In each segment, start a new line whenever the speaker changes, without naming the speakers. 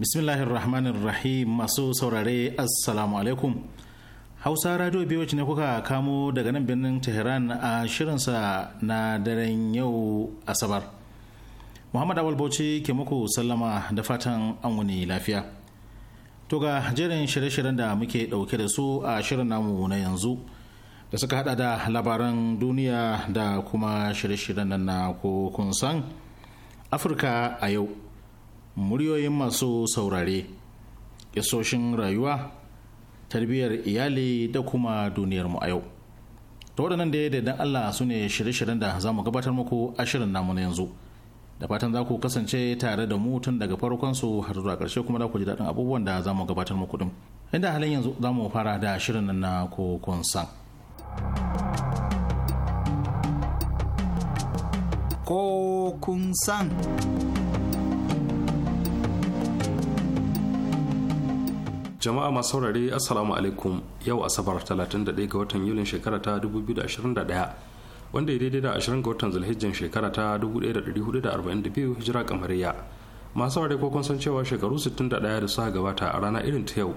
bismillahir rahmanir masu saurare assalamu alaikum hausa radio biyu ne kuka kamo daga nan birnin tehran a shirinsa na daren yau asabar muhammad awal bauchi ke muku sallama da fatan an wani lafiya to ga jerin shirye-shiryen da muke dauke da su a shirin namu na yanzu da suka hada da labaran duniya da kuma shirye-shiryen na kun san afirka a yau muryoyin masu saurare kisoshin rayuwa tarbiyyar iyali da kuma duniyarmu a yau ta waɗannan da da Allah su ne shirye-shiryen da za mu gabatar muku a shirin namu na yanzu da fatan za ku kasance tare da mu tun daga farkon su har zuwa ƙarshe kuma za ku ji daɗin abubuwan da za mu gabatar muku din inda halin yanzu za mu fara da shirin nan na kokon san
kokun san
jama'a masu saurare assalamu alaikum yau asabar 31 ga watan yulin shekara ta 2021 wanda ya daidai da 20 ga watan zulhijjin shekara ta 1442 hijira kamariya masu saurare ko kun san cewa shekaru 61 da su gabata a rana irin ta yau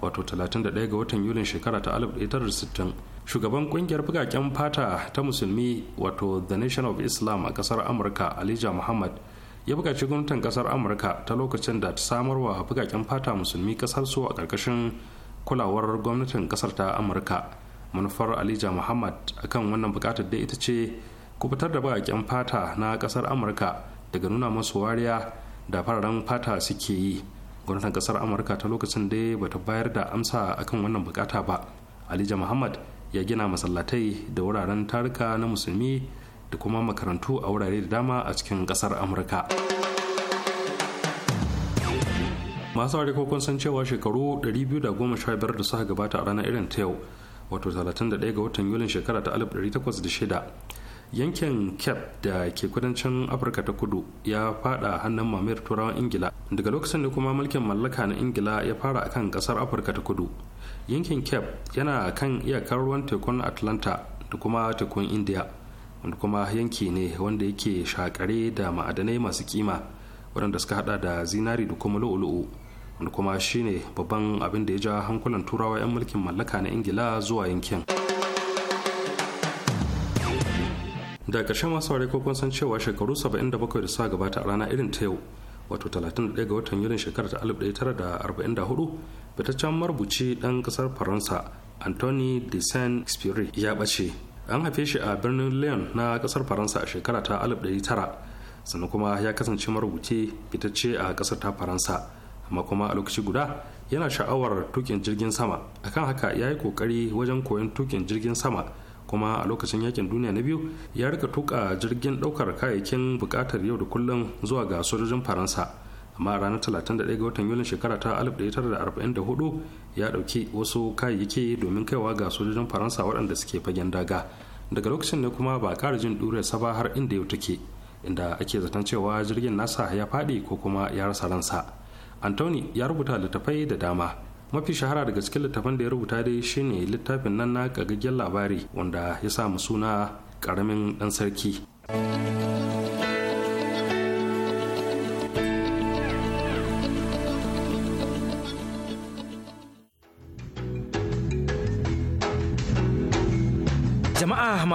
wato 31 ga watan yulin shekara ta 1960 shugaban kungiyar bugaken fata ta musulmi wato the nation of islam a kasar amurka alija muhammad ya bukaci gwamnatin ƙasar amurka ta lokacin da ta samar wa bukaken fata musulmi ƙasar su a karkashin kulawar gwamnatin ƙasar ta amurka manufar alija muhammad akan wannan bukatar da ita ce kubutar da bukaken fata na ƙasar amurka daga nuna masu wariya da fararen fata suke yi gwamnatin ƙasar amurka ta lokacin da ta bayar da amsa akan wannan bukata ba alija muhammad ya gina masallatai da wuraren taruka na musulmi da kuma makarantu a wurare da dama a cikin kasar amurka masu aure kun san cewa shekaru 215 da suka gabata a ranar irin ta yau wato 31 ga watan yulin shekara ta 1806 yankin cape da ke kudancin afirka ta kudu ya fada hannun mamayar turawan ingila daga lokacin da kuma mulkin mallaka na ingila ya fara akan kasar afirka ta kudu yankin cape yana kan iyakar ruwan tekun atlanta da kuma tekun india wanda kuma yanki ne wanda yake shakare da ma'adanai masu kima waɗanda suka hada da zinari da kuma lu'ulu'u wanda kuma shine babban abin da ya ja hankulan turawa 'yan mulkin mallaka na ingila zuwa yankin da ƙarshen masu ware ko san cewa shekaru 77 da suka gabata a rana irin ta yau wato 31 ga watan yulin shekarar ta 1944 fitaccen marubuci ɗan ƙasar faransa anthony de saint-exupéry ya ɓace an haife shi a birnin lyon na kasar faransa a shekara ta 1900 sannan kuma ya kasance marubuce fitacce a kasar ta faransa amma kuma a lokaci guda yana sha'awar tukin jirgin sama akan haka ya yi kokari wajen koyon tukin jirgin sama kuma a lokacin yakin duniya na biyu ya rika tuka jirgin daukar kayayyakin bukatar yau da kullum zuwa ga sojojin faransa amma a ranar 31 ga watan yulin shekara ta 1944 ya ɗauki wasu kayayyaki domin kaiwa ga sojojin faransa waɗanda suke fagen daga daga lokacin ne kuma ba ƙara jin dure ba har inda yau take inda ake zaton cewa jirgin nasa ya faɗi ko kuma ya rasa ransa antoni ya rubuta littafai da dama mafi shahara daga cikin littafin da ya rubuta dai shine littafin nan na gagaggen labari wanda ya samu suna ƙaramin ɗan sarki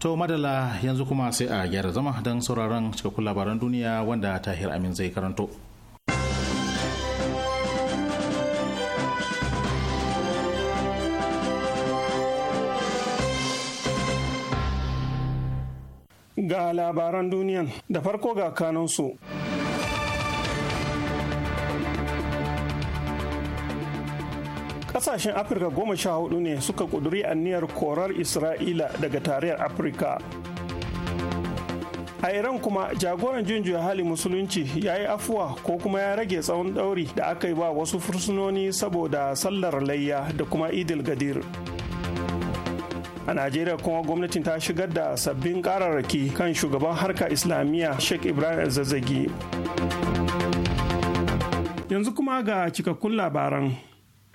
To madala yanzu kuma sai a gyara zama don sauraron cikakkun labaran duniya wanda Tahir Amin zai karanto.
Ga labaran duniyan da farko ga kanansu. kasashen afirka goma sha hudu ne suka kuduri aniyar korar isra'ila daga tarayyar afirka a iran kuma jagoran jinjiya hali musulunci ya yi afuwa ko kuma ya rage tsawon dauri da aka yi ba wasu fursunoni saboda sallar layya da kuma idil gadir a najeriya kuma gwamnatin ta shigar da sabbin kararraki kan shugaban harka islamiyya sheikh ibrahim zazzagi yanzu kuma ga cikakkun labaran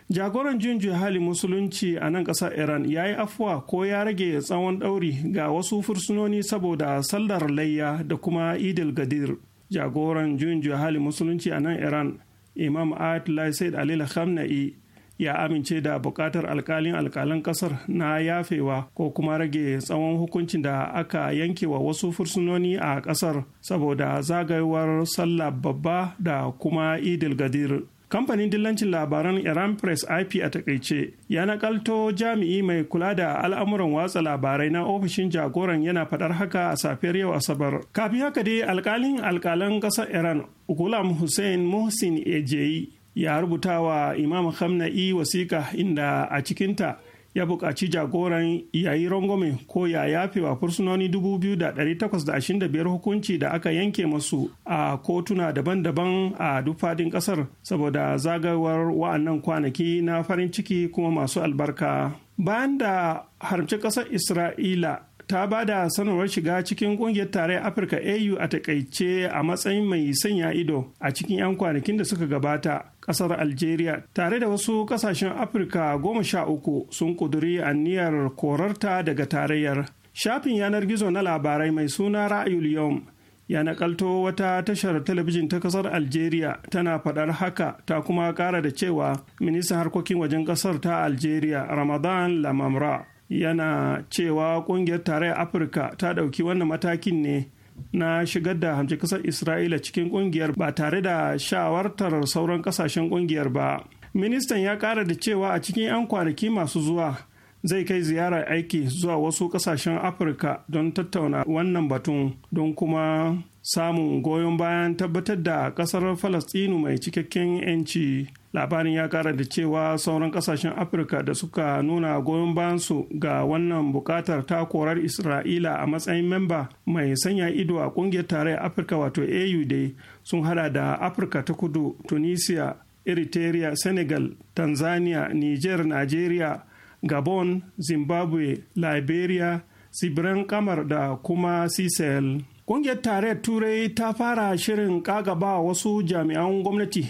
jagoran jin hali musulunci a nan ƙasar iran ya yi afuwa ko ya rage tsawon ɗauri ga wasu fursunoni saboda sallar layya da kuma idil gadir jagoran jin hali musulunci a nan iran imam ayatollah said alil khamna'i ya amince da bukatar alkalin alkalan ƙasar na yafewa ko kuma rage tsawon hukuncin da aka yanke wa wasu fursunoni a ƙasar saboda zagayowar sallah babba da kuma idil gadir kamfanin dillancin labaran iran press ip a takaice ya nakalto jami'i mai kula da al'amuran watsa labarai na ofishin jagoran yana fadar haka a safiyar yau asabar kafin haka dai alkalin alkalan kasar iran gulam hussein mohsin ejeyi ya rubuta wa imam hamna'i wasiƙa inda a cikinta ya buƙaci jagoran yayi rangwame ko ya yafe wa fursunoni 2,825 hukunci da aka yanke masu a kotuna daban-daban a duk faɗin ƙasar saboda zagayowar wa'annan kwanaki na farin ciki kuma masu albarka. Bayan da harce ƙasar Isra'ila ta ba da sanarwar shiga cikin kungiyar tarayyar afirka au a takaice a matsayin mai sanya ido a cikin 'yan kwanakin da suka gabata kasar algeria tare da wasu kasashen afirka goma sha uku sun kuduri aniyar korarta daga tarayyar shafin yanar gizo na labarai mai suna ra'ayul yom ya nakalto wata tashar talabijin ta kasar algeria tana faɗar haka ta kuma ƙara da cewa ministan harkokin wajen kasar ta algeria ramadan lamamra yana cewa kungiyar tarayyar afirka ta ɗauki wannan matakin ne na shigar da hamci kasar isra'ila cikin kungiyar ba tare da shawartar sauran kasashen kungiyar ba ministan ya kara da cewa a cikin 'yan kwanaki masu zuwa zai kai ziyarar aiki zuwa wasu kasashen afirka don tattauna wannan batun don kuma samun goyon bayan tabbatar da ƙasar falastinu mai cikakken 'yanci labarin ya kara da cewa sauran kasashen afirka da suka nuna goyon bayansu ga wannan bukatar ta korar isra'ila a matsayin memba mai sanya ido a kungiyar tarayyar afirka wato au dai sun hada da afirka ta kudu tunisia eritrea senegal tanzania niger nigeria gabon zimbabwe liberia tsibirin kamar da kuma sisel Ƙungiyar tarayyar Turai ta fara shirin ba wasu jami'an gwamnati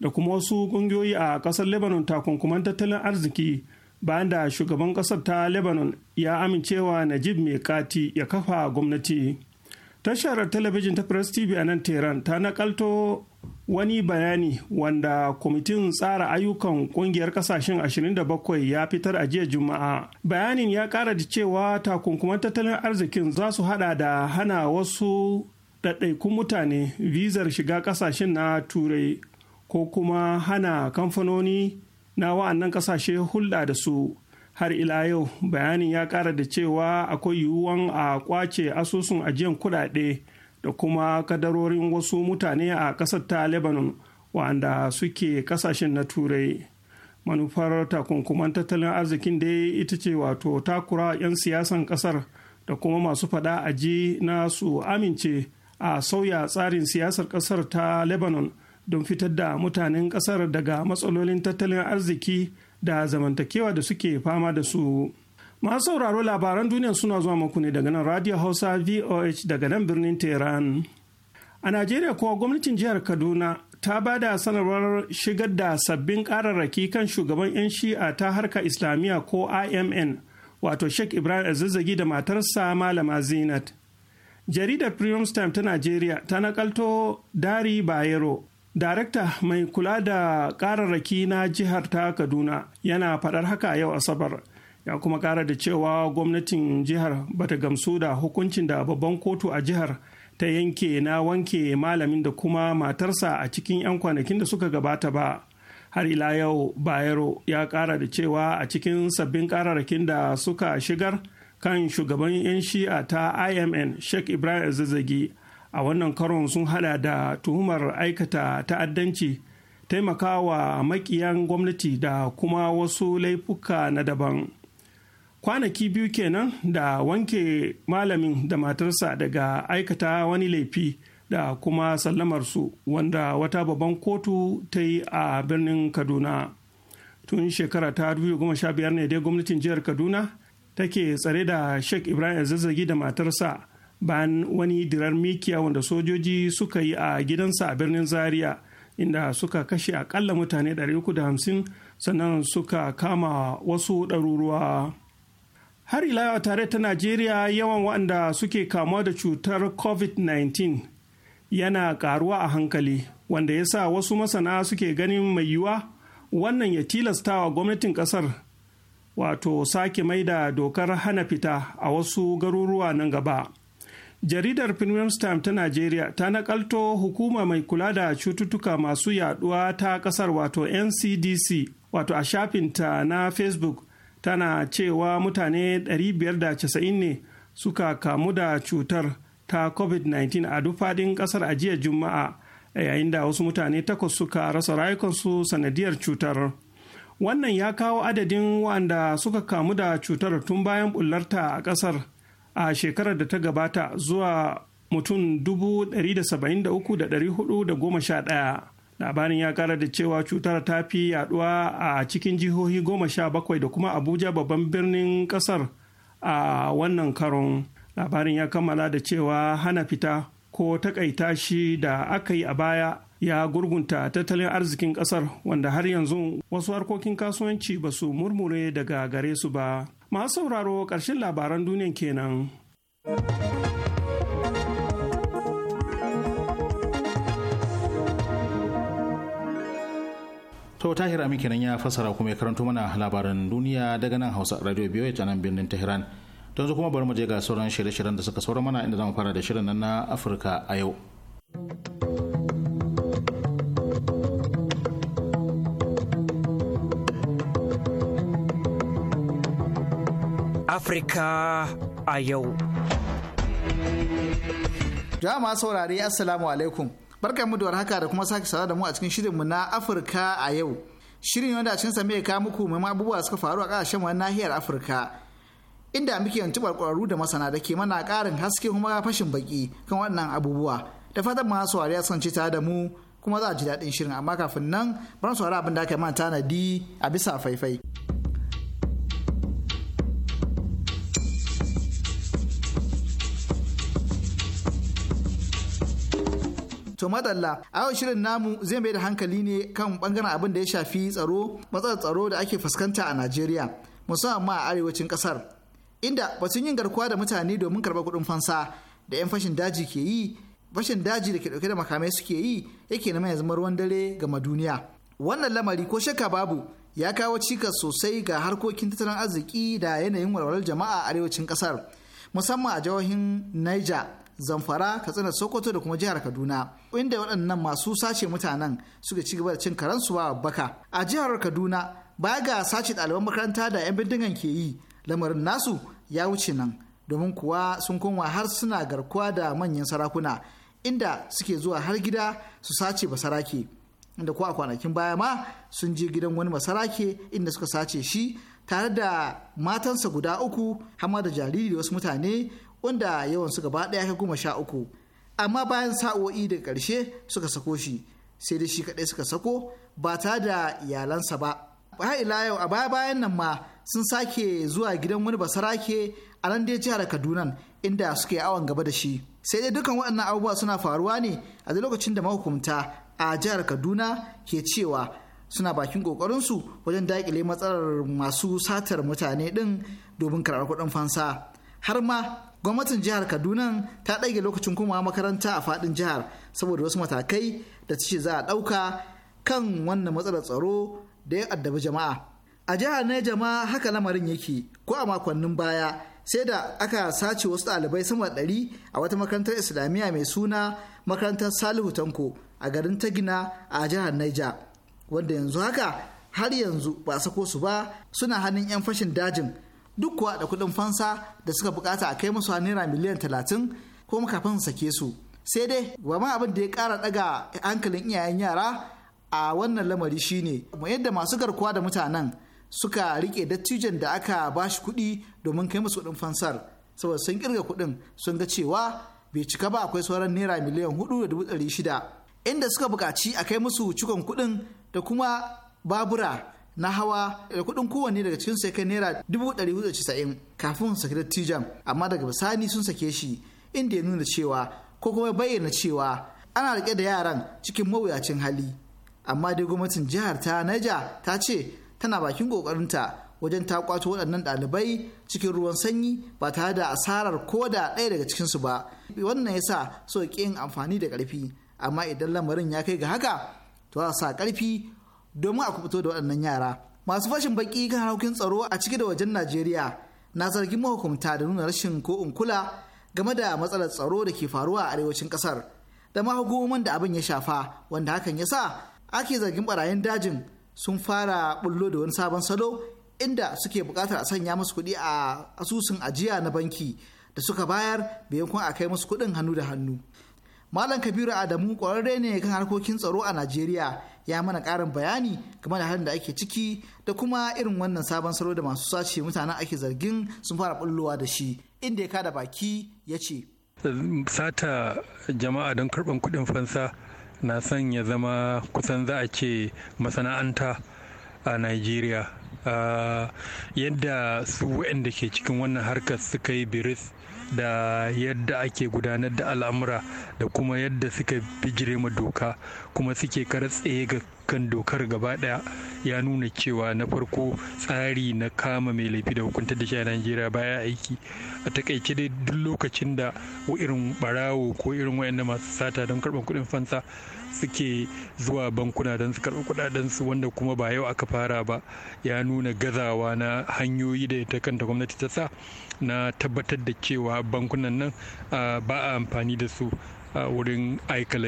da kuma wasu ƙungiyoyi a ƙasar Lebanon takunkuman tattalin arziki bayan da shugaban ƙasar ta Lebanon ya amincewa Najib Mekati ya kafa gwamnati. tashar talabijin ta press tv a nan tehran ta nakalto wani bayani wanda kwamitin tsara ayyukan kungiyar kasashen 27 ya fitar a jiya juma'a bayanin ya kara da cewa takunkuman tattalin arzikin za su hada da hana wasu ɗaɗɗaikun mutane vizar shiga kasashen na turai ko kuma hana kamfanoni na wa'annan kasashe hulɗa da su har ila yau bayanin ya kara da cewa akwai yiwuwan a kwace asusun ajiyan kudade da kuma kadarorin wasu mutane a kasar ta lebanon wanda suke ƙasashen na turai manufar takunkuman tattalin arzikin da ita ce wato takura 'yan siyasan kasar da kuma masu fada aji na su amince a sauya tsarin siyasar kasar ta lebanon don fitar da mutanen kasar daga matsalolin tattalin arziki da zamantakewa da suke fama da su masu sauraro labaran duniya suna zuwa muku ne daga nan radio hausa voh daga nan birnin tehran a najeriya kuwa gwamnatin jihar kaduna ta ba da sanarwar shigar da sabbin kararraki kan shugaban 'yan shi'a ta harka islamiyya ko imn wato sheikh ibrahim Azizagi da matarsa malama zinat jaridar premium time ta najeriya ta nakalto dari bayero Darakta mai kula da ƙararraki na jihar ta Kaduna yana faɗar haka yau Asabar. Ya kuma ƙara da cewa gwamnatin jihar bata gamsu da hukuncin da babban kotu a jihar ta yanke na wanke malamin da kuma matarsa a cikin 'yan kwanakin da suka gabata ba. Har ila yau Bayero ya ƙara da cewa a cikin sabbin ƙararrakin da suka shigar kan shugaban 'yan shi'a ta IMN Sheikh Ibrahim Zazzagi. a wannan karon sun hada da tuhumar aikata ta'addanci taimakawa makiyan gwamnati da kuma wasu laifuka na daban kwanaki biyu kenan da wanke malamin da matarsa daga aikata wani laifi da kuma sallamarsu wanda wata babban kotu ta yi a birnin kaduna tun shekara ta 2015 ne dai gwamnatin jihar kaduna take tsare da sheikh ibrahim zazzagi da matarsa bayan wani dirar mikiya wanda sojoji suka yi a gidansa a birnin zaria inda suka kashe akalla mutane 350 sannan suka kama wasu ɗaruruwa har ila yau tare ta najeriya yawan waɗanda suke kamuwa da cutar covid-19 yana ƙaruwa a hankali wanda ya sa wasu masana suke ganin mai yiwuwa wannan ya tilastawa gwamnatin ƙasar wato sake mai da dokar hana fita a wasu garuruwa nan gaba jaridar premium time ta najeriya ta nakalto hukuma mai kula da cututtuka masu yaduwa ta kasar wato ncdc wato a shafinta na facebook tana cewa mutane 590 ne suka kamu da cutar ta covid-19 a duk faɗin ƙasar a juma'a yayin da wasu mutane takwas suka rasa rayukansu sanadiyar cutar wannan ya kawo adadin wanda suka kamu da cutar tun bayan bullarta a ƙasar a shekarar da ta gabata zuwa mutum 173,411 labarin ya kara da cewa cutar ta fi yaduwa a cikin jihohi goma sha bakwai da kuma abuja babban birnin kasar a wannan karon labarin ya kammala da cewa hana fita ko takaita shi da aka yi a baya ya gurgunta tattalin arzikin kasar wanda har yanzu wasu harkokin kasuwanci ba su murmure daga gare su ba masu sauraro ƙarshen labaran duniyan kenan.
To Tahir Amin kenan ya fassara kuma ya karanto mana labaran duniya daga nan Hausa Radio biyu ta nan birnin Tehran. don yanzu kuma bari mu je ga sauran shirye-shiryen da suka saura mana inda zamu fara da shirin nan na Afirka a yau.
Afirka a yau. Jama'a saurare Assalamu alaikum. Barkan mu da warhaka da kuma sake sawa da mu a cikin shirinmu na Afirka a yau. Shirin wanda a cikin sa mai kawo muku mai abubuwa suka faru a ƙasashen wani nahiyar Afirka. Inda muke yanci barkwararru da masana da ke mana ƙarin haske kuma fashin baki kan wannan abubuwa. Da fatan ma saurari ya sanci tare da mu kuma za a ji daɗin shirin amma kafin nan bar saurari abin da aka yi mana tanadi a bisa faifai. To madalla, a yau shirin namu zai mai da hankali ne kan bangaren abin da ya shafi tsaro, matsalar tsaro da ake fuskanta a Najeriya, musamman ma a arewacin kasar. Inda batun yin garkuwa da mutane domin karɓar kuɗin fansa da 'yan fashin daji ke yi, fashin daji da ke ɗauke da makamai suke yi yake na mai zama ruwan dare ga duniya. Wannan lamari ko shakka babu ya kawo cikas sosai ga harkokin tattalin arziki da yanayin walwalar jama'a a arewacin kasar, musamman a jihohin Niger, zamfara katsina sokoto da kuma jihar kaduna inda waɗannan masu sace mutanen suka ci gaba da cin karansu ba baka a jihar kaduna ba ga sace ɗaliban makaranta da 'yan bindigan ke yi lamarin nasu ya wuce nan domin kuwa sun koma har suna garkuwa da manyan sarakuna inda suke zuwa har gida su sace basarake inda kuwa a kwanakin baya ma sun je gidan wani masarake inda suka sace shi tare da matansa guda uku hama da jariri da wasu mutane wanda yawan su gaba ɗaya ka goma sha uku amma bayan sa'o'i daga ƙarshe suka sako shi sai da shi kaɗai suka sako ba ta da iyalansa ba Ba ila yau a baya bayan nan ma sun sake zuwa gidan wani basarake a nan dai jihar kaduna inda suke awon gaba da shi sai dai dukkan waɗannan abubuwa suna faruwa ne a lokacin da mahukunta a jihar kaduna ke cewa suna bakin ƙoƙarinsu wajen daƙile matsalar masu satar mutane ɗin domin karɓar kuɗin fansa har ma gwamnatin jihar kaduna ta ɗage lokacin komawa makaranta a faɗin jihar saboda wasu matakai da ta ce za a ɗauka kan wannan matsalar tsaro da ya addabi jama'a a jihar ne jama'a haka lamarin yake ko a makonnin baya sai da aka sace wasu ɗalibai sama da ɗari a wata makarantar islamiyya mai suna makarantar salihu tanko a garin tagina a jihar naija wanda yanzu haka har yanzu ba sako su ba suna hannun 'yan fashin dajin duk kuwa da kuɗin fansa da suka bukata a kai musu naira miliyan talatin ko kafin su sake su sai dai gwamma abin da ya ƙara ɗaga hankalin iyayen yara a wannan lamari shine yadda masu garkuwa da mutanen suka rike dattijan da aka ba shi kuɗi domin kai musu kuɗin fansar saboda sun kirga kuɗin sun ga cewa bai cika ba akwai sauran naira miliyan hudu da dubu ɗari shida inda suka buƙaci a kai musu cikon kuɗin da kuma babura na hawa da eh, kuɗin kowanne daga cikin sai kai naira dubu casa'in kafin saki dattijan amma daga bisani sun sake shi inda ya nuna cewa ko kuma bayyana cewa ana rike da yaran cikin mawuyacin hali amma dai gwamnatin jihar ta naija ta ce tana bakin kokarinta wajen ta kwato waɗannan ɗalibai cikin ruwan sanyi ba tare da asarar ko da ɗaya daga cikinsu ba wannan yasa so amfani da ƙarfi amma idan lamarin ya kai ga haka to za sa ƙarfi domin a kubuto da waɗannan yara masu fashin baki kan harkokin tsaro a ciki da wajen najeriya na zargin mahukunta da nuna rashin ko kula game da matsalar tsaro da ke faruwa a arewacin ƙasar da ma hukumomin da abin ya shafa wanda hakan ya sa ake zargin barayin dajin sun fara bullo da wani sabon salo inda suke buƙatar a sanya musu kuɗi a asusun ajiya na banki da suka bayar maimakon a kai musu kuɗin hannu da hannu malam kabiru adamu ƙwararre ne kan harkokin tsaro a najeriya ya mana ƙarin bayani game da halin da ake ciki da kuma irin wannan sabon salo da masu sace mutanen ake zargin sun fara bullowa da shi inda ya da baki ya ce
sata jama'a don karɓar kuɗin fansa na son ya zama kusan za a ce masana'anta a nigeria ah, yadda su waɗanda ke cikin wannan harkar suka yi biris da yadda ake gudanar da al'amura da kuma yadda suka bijire ma doka kuma suke karatsaye ga kan dokar gaba daya ya nuna cewa na farko tsari na kama mai laifi da hukuntar da shi a najeriya baya aiki a takaice dai duk lokacin da irin barawo ko irin wayanda masu sata don karɓar kuɗin fansa suke zuwa bankuna don su karɓi kuɗaɗen su wanda kuma ba yau aka fara ba ya nuna gazawa na hanyoyi da ita kanta gwamnati ta sa na tabbatar da cewa bankunan nan ba a amfani da su a wurin aika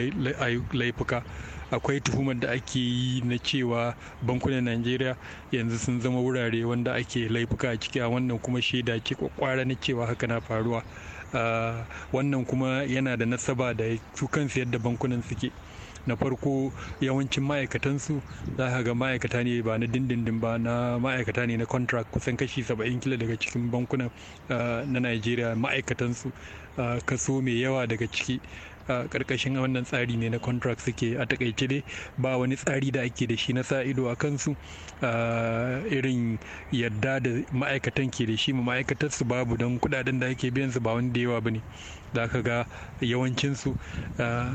laifuka akwai tuhumar da ake yi na cewa bankunan najeriya yanzu sun zama wurare wanda ake laifuka a ciki a wannan kuma shaida ce kwakwara na cewa haka na faruwa wannan kuma yana da nasaba da su kansu yadda bankunan suke na farko yawancin ma'aikatansu za ka ga ma'aikata ne ba na dindindin ba na ma'aikata ne na contract kusan kashi 70 kila daga cikin bankunan ah, na nigeria ma'aikatansu ah, kaso mai yawa daga ciki karkashin ah, wannan tsari ne na contract suke a takaice dai ba wani tsari da ake da shi na sa ido a kansu irin yadda da ma'aikatan ke da shi ma ma'aikatarsu babu don kudaden da ake biyan su ba wani da yawa ba ne za ka ga yawancinsu eh,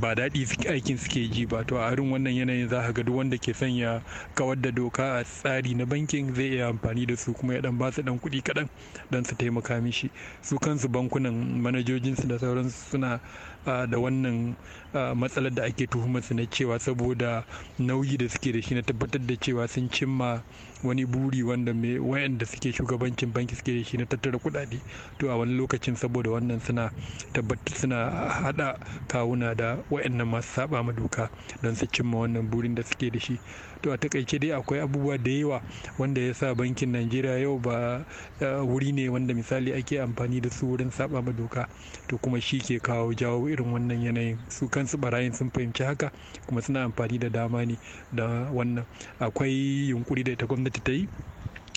ba daɗi aikin suke ji ba to a irin wannan yanayin za ka ga duk wanda ke son ya kawar da doka a tsari na bankin zai iya amfani da su kuma ya dan ba su dan kuɗi kaɗan don su taimaka mishi su kansu bankunan manajojinsu da sauransu suna ah, da wannan ah, matsalar da ake tuhumarsu na cewa saboda nauyi da suke da shi na tabbatar da cewa sun cimma wani buri wanda me wayanda suke shugabancin banki suke da shi na tattara kudade to a wani lokacin saboda wannan suna tabbatar suna hada kawuna da wayannan masu saba ma doka don su cimma wannan burin da suke da shi to a takaice dai akwai abubuwa da yawa wanda ya sa bankin najeriya yau ba eh, wuri ne wanda misali ake amfani da su wurin saba ma doka to kuma shi ke kawo jawo irin wannan yanayin su kansu barayin sun fahimci haka kuma suna amfani da dama ne da wannan akwai yunkuri da ita gwamnati ta yi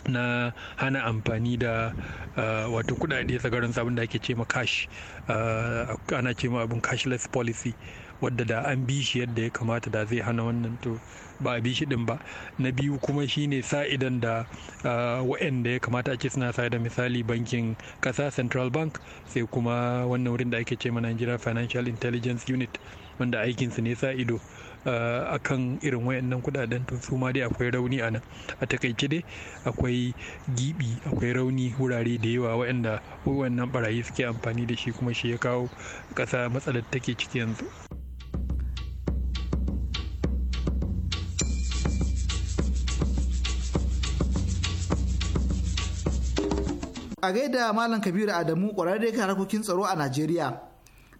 na hana amfani da eh, wato kudade tsagarin sabon da ake ce ma cash eh, ana ce ma abin cashless policy wadda da an bi shi yadda ya kamata da zai hana wannan to ba a bi shi din ba na biyu kuma shine sa idan da ah, da ya kamata a ce suna sa da misali bankin kasa central bank sai kuma wannan wurin da ake ce ma Nigeria financial intelligence unit wanda aikinsu ne sa ido a ah, kan irin wayannan kudaden to su ma dai akwai rauni a nan a takaice dai akwai gibi akwai rauni wurare da yawa wayanda wannan barayi suke amfani da shi kuma shi ya kawo ƙasa matsalar take ciki yanzu
a gaida malam kabiru adamu kwararre kan harkokin tsaro a najeriya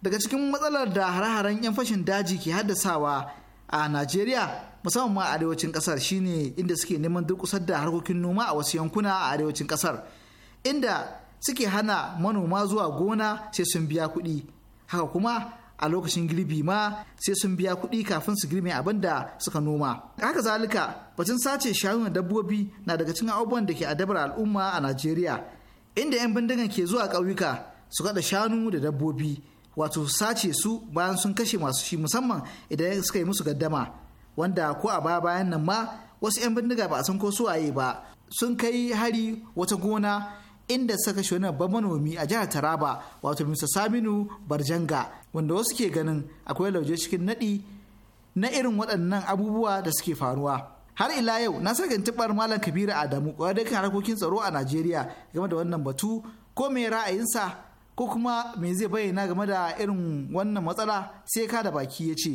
daga cikin matsalar da hare-haren 'yan fashin daji ke haddasawa a najeriya musamman ma arewacin kasar shine inda suke neman durkusar da harkokin noma a wasu yankuna a arewacin kasar inda suke hana manoma zuwa gona sai sun biya kuɗi haka kuma a lokacin girbi ma sai sun biya kuɗi kafin su girbe abin da suka noma. Haka zalika batun sace shanu dabbobi na daga cikin abubuwan da ke adabar al'umma a Najeriya inda 'yan bindigan ke zuwa ƙauyuka su kada shanu da dabbobi wato sace su bayan sun kashe masu shi musamman idan suka yi musu gaddama wanda ko a baya bayan nan ma wasu 'yan bindiga ba a san ko suwaye ba sun kai hari wata gona inda suka kashe wani babban manomi a jihar Taraba wato Mr. Saminu Barjanga wanda wasu ke ganin akwai lauje cikin nadi na irin waɗannan abubuwa da suke faruwa. har ila yau na saka tubar malam kabiru adamu kwaya kan harkokin tsaro a najeriya game da wannan batu ko me ra'ayinsa ko kuma me zai bayyana game da irin wannan matsala sai ka da baki ya ce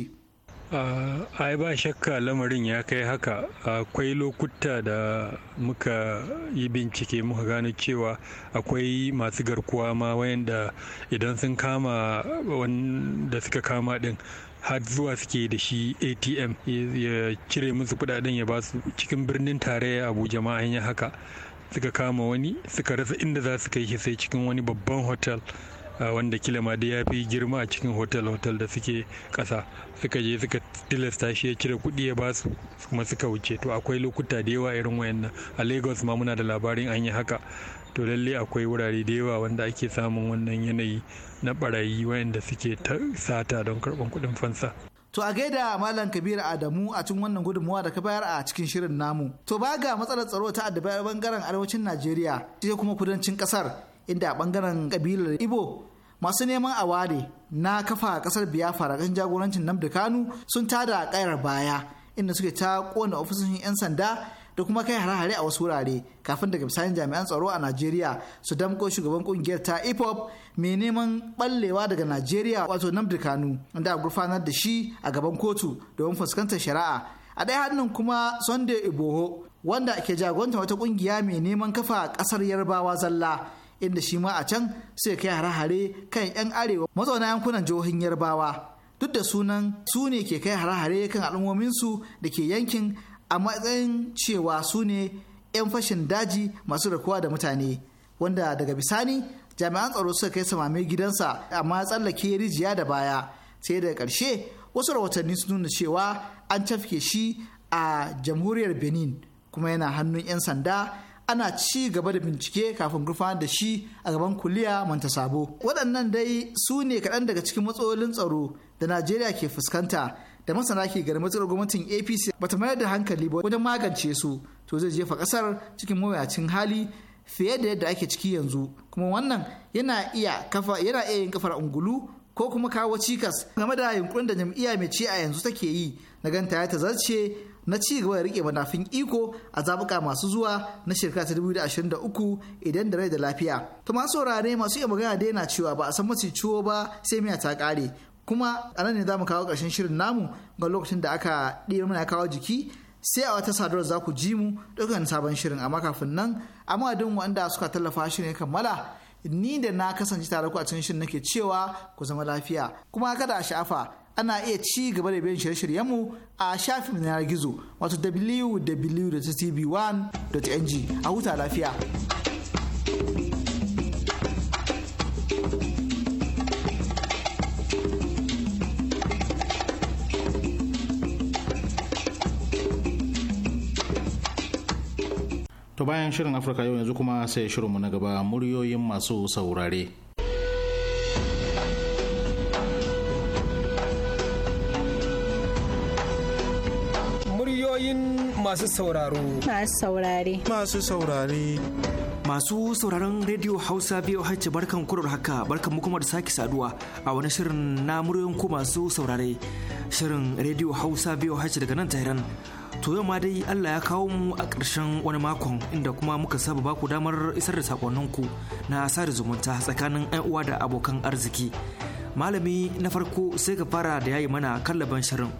ai ba shakka lamarin ya kai haka akwai lokuta da muka yi bincike muka gano cewa akwai masu garkuwa ma wayanda idan sun kama wanda suka kama din har zuwa suke da shi atm ya cire musu kudaden ya basu cikin birnin tarayya abuja ma an yi haka suka kama wani suka rasa inda za su kai shi sai cikin wani babban hotel wanda kila ma da ya fi girma a cikin hotel-hotel da suke kasa suka je suka tilasta shi ya cire kuɗi ya basu kuma suka wuce to akwai lokuta da yawa irin wayannan a lagos ma muna da labarin an yi haka to lalle akwai wurare da yawa wanda ake samun wannan yanayi na barayi wayanda suke sata don karban kuɗin fansa
To a gaida Malam Kabir Adamu a cikin wannan gudunmawa da ka bayar a cikin shirin namu. To ba ga matsalar tsaro ta addabar bangaren arewacin Najeriya sai kuma kudancin kasar inda a bangaren kabilar Ibo masu neman a ware na kafa kasar Biafra kan jagorancin Namdi Kanu sun tada kayar baya inda suke ta kona ofisoshin 'yan sanda da kuma kai hare-hare a wasu wurare kafin daga bisani jami'an tsaro a Najeriya su damko shugaban kungiyar ta IPOP e mai neman ɓallewa daga Najeriya wato Namdi Kanu Inda da gurfanar da shi a gaban kotu domin fuskantar shari'a. A ɗaya hannun kuma Sunday Iboho wanda ke jagoranta wata kungiya mai neman kafa ƙasar Yarbawa zalla inda shi ma a can sai kai hare-hare kan 'yan arewa mazauna yankunan jihohin Yarbawa. Duk da sunan su ne ke kai hare-hare kan su da ke yankin a matsayin cewa su ne 'yan fashin daji masu rakuwa da mutane wanda daga bisani jami'an tsaro suka kai samame gidansa amma ya tsallake rijiya da baya sai daga karshe wasu rahotanni sun nuna cewa an cafke shi a jamhuriyar benin kuma yana hannun 'yan sanda ana ci gaba da bincike kafin gurfanar da shi a gaban kuliya sabo waɗannan dai su ne kaɗan daga cikin matsalolin tsaro da najeriya ke fuskanta da masana ke ga matsalar gwamnatin apc bata mayar da hankali ba wajen magance su to zai jefa kasar cikin mawuyacin hali fiye da yadda ake ciki yanzu kuma wannan yana iya kafa yana iya yin kafar ungulu ko kuma kawo cikas game da yunkurin da jam'iyya mai ci a yanzu take yi na ganta ya tazarce na ci gaba da rike manafin iko a zabuka masu zuwa na shirka ta 2023 idan da rai da lafiya to masu saurare masu iya magana da yana cewa ba a san mace ciwo ba sai miya ta kare kuma a nan ne za mu kawo ƙarshen shirin namu ga lokacin da aka ɗira mana kawo jiki sai a wata sadarwar za ku ji mu ɗaukan sabon shirin amma kafin nan a madadin wanda suka tallafa shirin ya kammala ni da na kasance tare ku a cikin shirin nake cewa ku zama lafiya kuma kada a sha'afa ana iya ci gaba da biyan shirye shiryen mu a shafin na yanar gizo wato www.tv1.ng a huta lafiya.
to bayan shirin afirka yau yanzu kuma sai shirinmu na gaba muryoyin masu saurare
muryoyin masu sauraro
masu saurare
masu saurare Masu sauraron Radio Hausa biyu hajji barkan kurar haka barkan kuma da sake saduwa a wani shirin na muryoyin ku masu saurare. Shirin Radio Hausa biyu hajji daga nan Tehran To yau ma dai Allah ya kawo mu a ƙarshen wani makon inda kuma muka saba baku damar isar da sakonninku na sada zumunta tsakanin 'yan uwa da abokan arziki. Malami na farko sai ka fara da yayi mana kallaban shirin.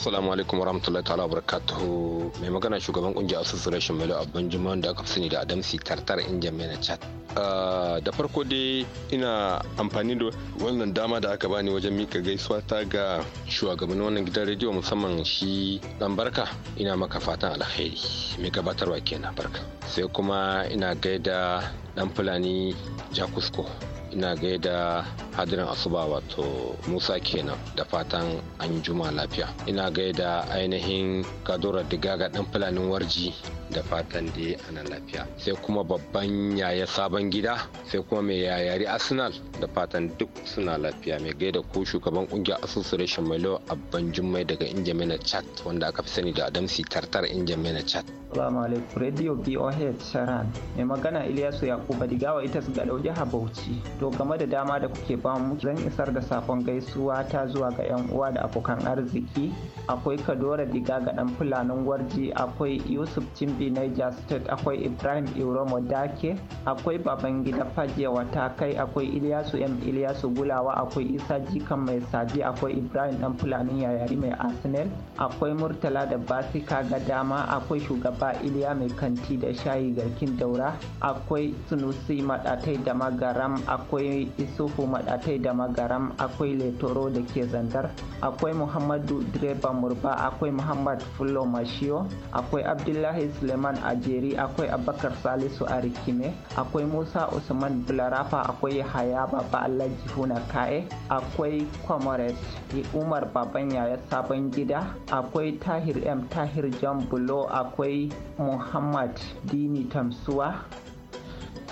assalamu alaikum warahmatullahi ta'ala barakatuhu mai magana shugaban kungiyar association mai a juma'an da aka fi sani da adamsi tartar in mai na chat ah, da farko dai ina amfani da wannan dama da aka bani wajen mika gaisuwa ta ga shugaban wannan gidan rediyo musamman shi dan barka ina maka fatan alheri mai gabatarwa kenan barka sai kuma ina gaida dan fulani jakusko ina gaida hadirin asuba wato musa kenan da fatan an juma lafiya ina gaida ainihin kadura digaga dan fulanin warji da fatan da ana lafiya sai kuma babban yaya sabon gida sai kuma mai yayari arsenal da fatan duk suna lafiya mai gaida ko shugaban kungiyar asusu mai a abban jummai daga injamina chat wanda aka fi sani da adamsi tartar injamina chat Salamu
alaikum Radio BOH Sharan mai magana Ilyasu Yakuba Digawa ita su ga jihar Bauchi to game da dama da kuke bamu zan isar da sakon gaisuwa ta zuwa ga yan uwa da abokan arziki akwai kadora diga ga dan fulanin gwarji akwai yusuf cimbi niger state akwai ibrahim iromo dake akwai baban gida fajewa ta kai akwai iliyasu m iliyasu gulawa akwai isa jikan mai saji akwai ibrahim dan fulanin yayari mai arsenal akwai murtala da basika ga dama akwai shugaba iliya mai kanti da shayi garkin daura akwai sunusi madatai da magaram akwai akwai isufu maɗatai da magaram akwai letoro da ke zandar akwai muhammadu direba murba akwai muhammad fulo mashiyo akwai abdullahi suleiman ajeri akwai abakar salisu a rikime akwai musa usman bularafa akwai yahaya baba alhaji huna ka'e akwai comrade umar baban yaya sabon gida akwai tahir m tahir jambulo akwai muhammad dini tamsuwa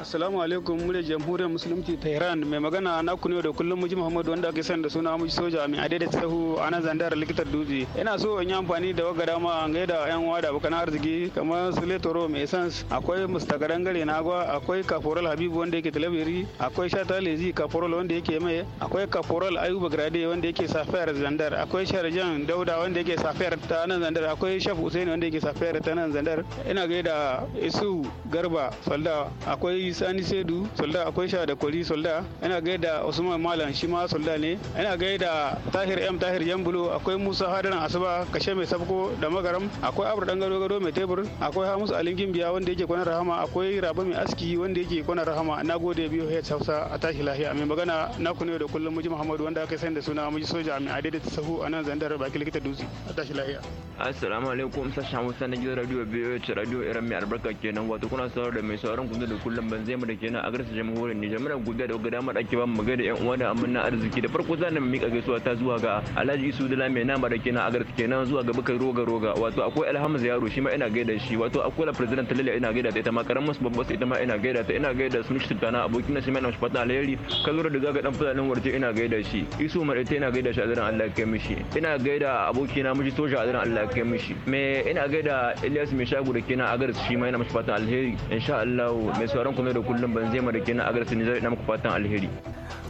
Assalamu alaikum muryar jamhuriyar musulunci ta Iran mai magana na ku ne da kullum muji Muhammadu wanda ake sani da suna muji soja mai adai da tsahu a nan zandar likitar dutse. Ina so in yi amfani da waga dama an gaida yan uwa da abokan arziki kamar su Letoro mai sans akwai mustagaran gare na agwa akwai Kaforal Habibu wanda yake talabiri akwai Shata Lezi Kaforal wanda yake mai akwai Kaforal Ayuba Grade wanda yake safiyar zandar akwai Sharjan Dauda wanda yake safiyar ta nan zandar akwai shafu usaini wanda yake safiyar ta nan zandar ina gaida Isu Garba Solda akwai sani saidu solda akwai sha da kwari solda yana gaida usman malam shi ma solda ne yana gaida tahir m tahir jambulo akwai musa hadaran asuba kashe mai sabko da magaram akwai abu dan gado gado mai tebur akwai hamus alin gimbiya wanda yake kwanar rahama akwai rabu mai aski wanda yake kwanar rahama na gode biyu hayat hausa a tashi lahiya mai magana na ku ne da kullum muji muhammadu wanda aka sani da suna muji soja mai adai da sahu a nan zandar baki likita dutse a tashi lahiya
assalamu alaikum sashen hausa na gidan radio biyu ya biyo radio iran mai albarka kenan wato kuna saurar da mai sauran kudu da kullum ba ban zai mu da kenan a garsa jamhuriyar Nijar muna godiya da ga damar ake bamu magana da yan uwa da amana arziki da farko zan mika gaisuwa ta zuwa ga Alhaji Isu Dala mai nama da kenan a garsa kenan zuwa ga Bukar Roga Roga wato akwai Alhamza Yaro shi ma ina gaida shi wato akwai la president Lalle ina gaida ta ita ma karamin su babba ita ma ina gaida ta ina gaida su mishi tana abokin na shi mai shi fata alheri kalura da zaga dan fulanin warje ina gaida shi Isu Umar ita ina gaida shi a Allah ya kai mishi ina gaida abokina miji soja a daren Allah kai mishi me ina gaida Ilyas mai shago da kenan a garsa shi ma ina mishi fata alheri insha Allah mai sauran kuma yau da kullum ban zai mara kenan a garsin Nijar fatan alheri.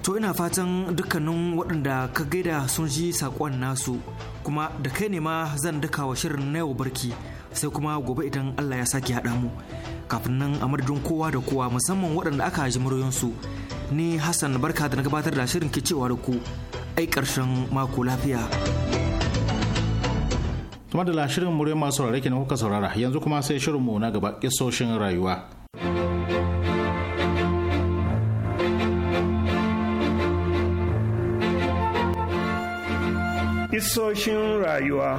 To ina fatan dukkanin waɗanda ka gaida sun ji saƙon nasu kuma da kai ne ma zan daka wa shirin na yau barki sai kuma gobe idan Allah ya sake haɗa mu. Kafin nan a madadin kowa da kowa musamman waɗanda aka ji muryoyinsu ni Hassan barka da na gabatar da shirin ke cewa da ku ai ƙarshen mako lafiya.
Tuma da shirin murai masu rarraki na kuka saurara yanzu kuma sai shirinmu na gaba kisoshin rayuwa.
Hissoshin rayuwa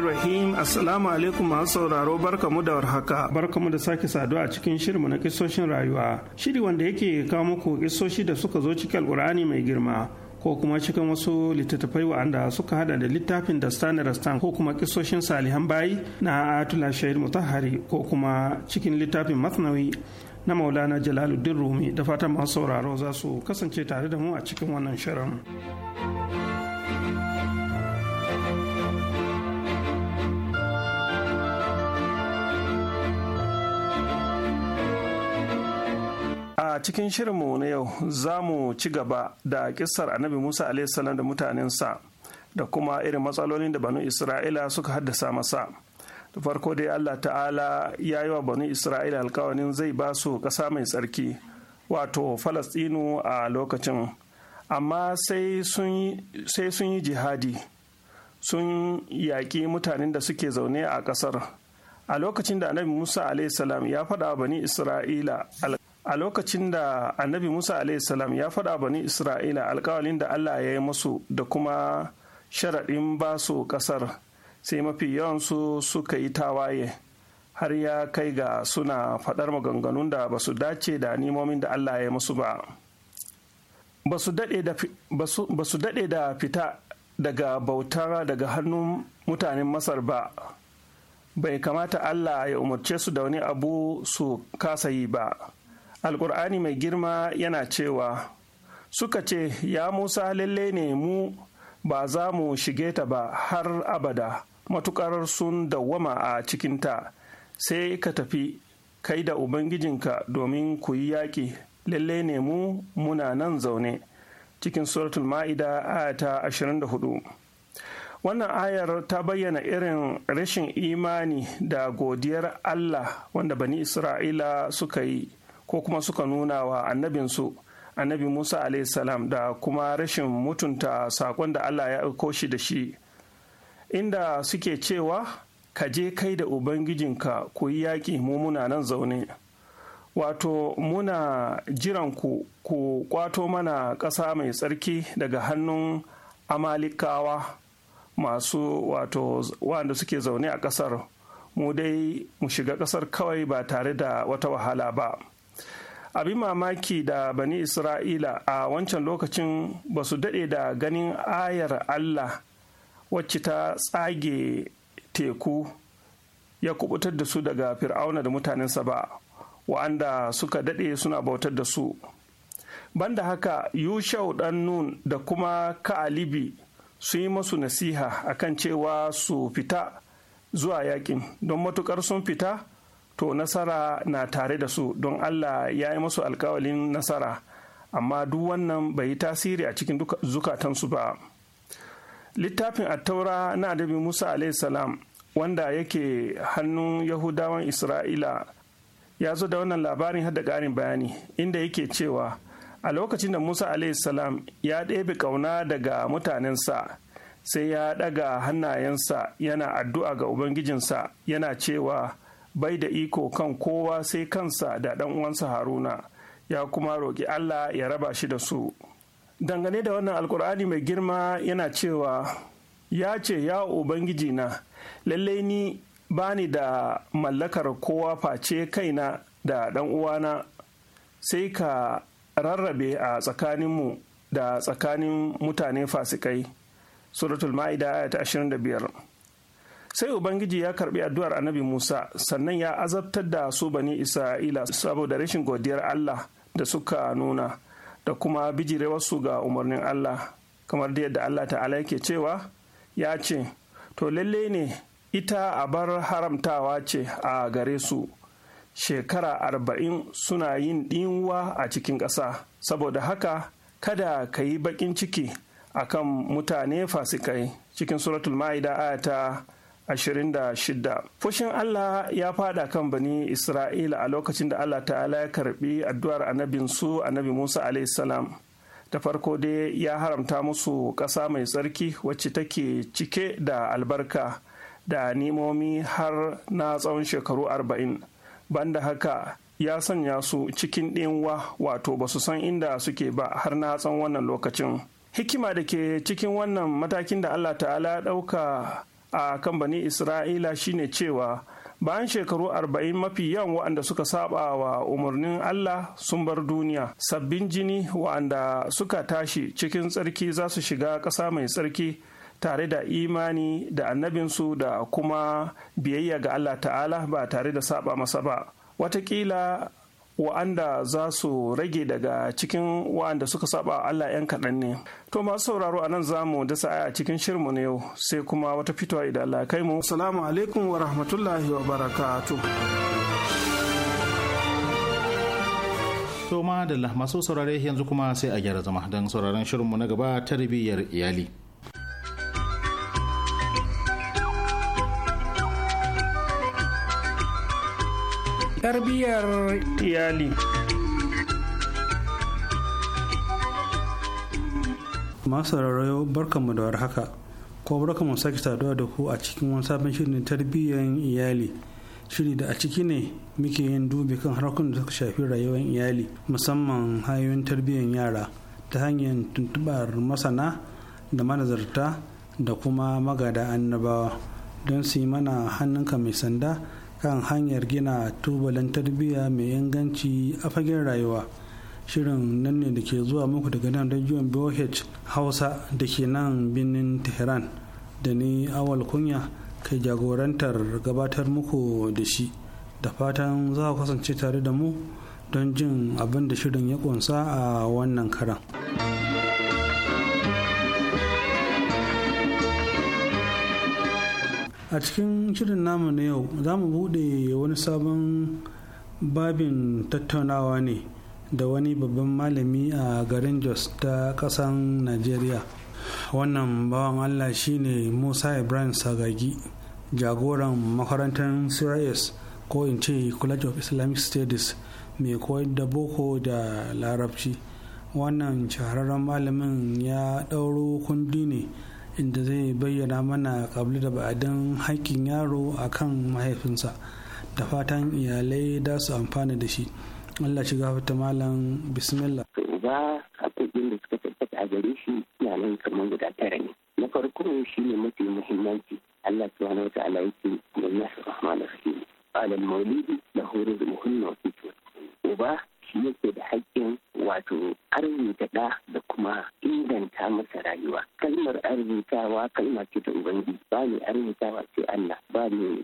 rahim, Assalamu alaikum masu sauraro barkamu da warhaka barkamu da sake saduwa a cikin shirmu na kisoshin rayuwa shiri wanda yake kawo muku kisoshi da suka zo cikin alkur'ani mai girma ko kuma cikin wasu littattafai wa'anda suka hada da littafin da stan rastan ko kuma kisoshin salihan bayi na atula shahid mutahari ko kuma cikin littafin masnawi na maulana jalaluddin rumi da fatan masu sauraro za su kasance tare da mu a cikin wannan shirin a cikin shirinmu na yau za mu ci gaba da kissar annabi musa salam da mutanensa da kuma irin matsalolin da banu isra'ila suka haddasa masa da farko dai allah ta'ala ya yi wa bani isra'ila alkawarin zai ba su ƙasa mai tsarki wato falastinu a lokacin amma sai sun yi jihadi sun yaƙi mutanen da suke zaune a ƙasar a lokacin da annabi musa salam ya faɗa bani isra'ila a lokacin da annabi musa salam ya faɗa bani isra'ila alkawalin da allah ya yi musu da kuma sharaɗin ba su ƙasar sai mafi yawansu suka yi tawaye har ya kai ga suna faɗar maganganun da ba su dace da nimomin da Allah ya musu ba. Ba su daɗe da fita daga bauta daga hannun mutanen Masar ba, bai kamata Allah ya umarce su da wani abu su kasa yi ba. Alƙur'ani mai girma yana cewa, Suka ce, Ya Musa lalle ne mu ba za mu shige ta ba har abada. matukar sun dawwama a cikinta sai ka tafi kai da ubangijinka domin ku yi yaƙi lalle ne mu muna nan zaune cikin suratul ma'ida aya ta 24 wannan ayar ta bayyana irin rashin imani da godiyar allah wanda bani isra'ila suka yi ko kuma suka nuna wa annabinsu annabi musa salam da kuma rashin mutunta saƙon da allah ya aiko shi da shi inda suke cewa ka je kai da ubangijinka ku yi yaƙi mu muna nan zaune wato muna jiran ku ku kwato mana ƙasa mai tsarki daga hannun amalikawa masu wato wanda suke zaune a ƙasar mu dai mu shiga ƙasar kawai ba tare da wata wahala ba abin mamaki da bani isra'ila a wancan lokacin ba su daɗe da ganin ayar allah wacce ta tsage teku ya kubutar da su daga fir'auna da mutanensa ba wa'anda suka daɗe suna bautar da su banda haka yushau dan nun da kuma ka'alibi su yi masu nasiha akan cewa su fita zuwa yakin don matukar sun fita to nasara na tare da su don allah ya yi masu alkawalin nasara amma duk wannan bai yi tasiri a cikin zukatansu ba littafin attaura na adabi musa salam wanda yake hannun yahudawan isra'ila ya zo da wannan labarin hada karin bayani inda yake cewa a lokacin da musa salam ya ɗebe ƙauna daga mutanensa sai ya ɗaga hannayensa yana addu'a ga ubangijinsa yana cewa bai da iko kan kowa sai kansa da ɗan uwansa haruna ya kuma roƙi allah ya raba shi da su dangane da wannan alkur'ani mai girma yana cewa ya ce ya ubangiji na lallai ni ba ni da mallakar kowa face kaina da ɗan uwana sai ka rarrabe a tsakaninmu da tsakanin mutane fasikai suratul ma'ida ta 25 sai ubangiji ya karbi addu'ar annabi musa sannan ya azabtar da su bani isra'ila saboda rashin godiyar allah da suka nuna da kuma bijirewarsu ga umarnin Allah kamar da yadda Allah ta'ala yake cewa ya ce to lalle ne ita abar haramtawa ce a gare su shekara arba'in suna yin dinwa a cikin ƙasa saboda haka kada ka yi baƙin ciki a kan mutane fasikai cikin suratul ma'ida ayata 26 fushin Allah ya fada kan bani Isra'ila a lokacin da Allah ta'ala ya karbi addu'ar annabinsu a annabi Musa salam Ta farko dai ya haramta musu ƙasa mai tsarki wacce take cike da albarka da nimomi har na tsawon shekaru arba'in banda haka ya sanya su cikin ɗinwa wato ba su san inda suke ba har na tsawon wannan lokacin hikima da ke cikin wannan matakin da Allah ta'ala ɗauka a kan bani isra'ila shine cewa bayan shekaru arba'in mafi yawan waɗanda suka saba wa umarnin Allah sun bar duniya sabbin jini waɗanda suka tashi cikin tsarki za su shiga ƙasa mai tsarki tare da imani da annabinsu da kuma biyayya ga Allah ta'ala ba tare da saba masa ba watakila wa'anda za su rage daga cikin wa'anda suka saba Allah 'yan kaɗan ne. To masu sauraro a nan zamu da sa'a a cikin shirmu na yau sai kuma wata fitowa idan Allah kai mu. Assalamu alaikum wa rahmatullahi wa barakatu. To da
masu saurare yanzu kuma sai a gyara zama don sauraron shirinmu na gaba tarbiyyar iyali.
tarbiyyar iyali
masu rarrayo barkanmu da warhaka ko barkanmu sake saduwa da ku a cikin wani sabon shirin tarbiyyar iyali shiri da a ciki ne muke yin dubi kan harkokin da suka shafi rayuwar iyali musamman hanyoyin tarbiyyar yara ta hanyar tuntubar masana da manazarta da kuma magada annabawa don su yi mana hannunka mai sanda kan hanyar gina tubalin tarbiyya mai inganci a fagen rayuwa shirin nan ne da ke zuwa muku daga nan rajiyon boh hausa da ke nan birnin tehran da ni awal kunya kai jagorantar gabatar muku da shi da fatan za a kasance tare da mu don jin abin da shirin ya kunsa a wannan karan. a cikin shirin namu na yau za mu buɗe wani sabon babin tattaunawa ne da wani babban malami a garin jos ta ƙasan najeriya wannan bawan allah shine musa ibrahim sagagi jagoran makarantar crs ko in ce college of islamic studies mai koyar da boko da larabci wannan shahararren malamin ya ɗauro kundi ne inda zai bayyana mana kabli da ba'adin haƙƙin yaro a kan mahaifinsa da fatan iyalai da su amfana da shi allah shiga fata malam bismillah
uba haƙoƙin da suka tabbata a gare shi na nan kamar guda tara ne na farko shi ne mafi muhimmanci allah subhanahu wa ta'ala yake mai nasu rahman rahim alal maulidi da horo da muhimmanci uba shi yake da haƙƙin wato arzuta ɗa da kuma inganta masa rayuwa kalmar arzutawa kalma ce ta ubangiji ba ne arzutawa sai Allah ba ne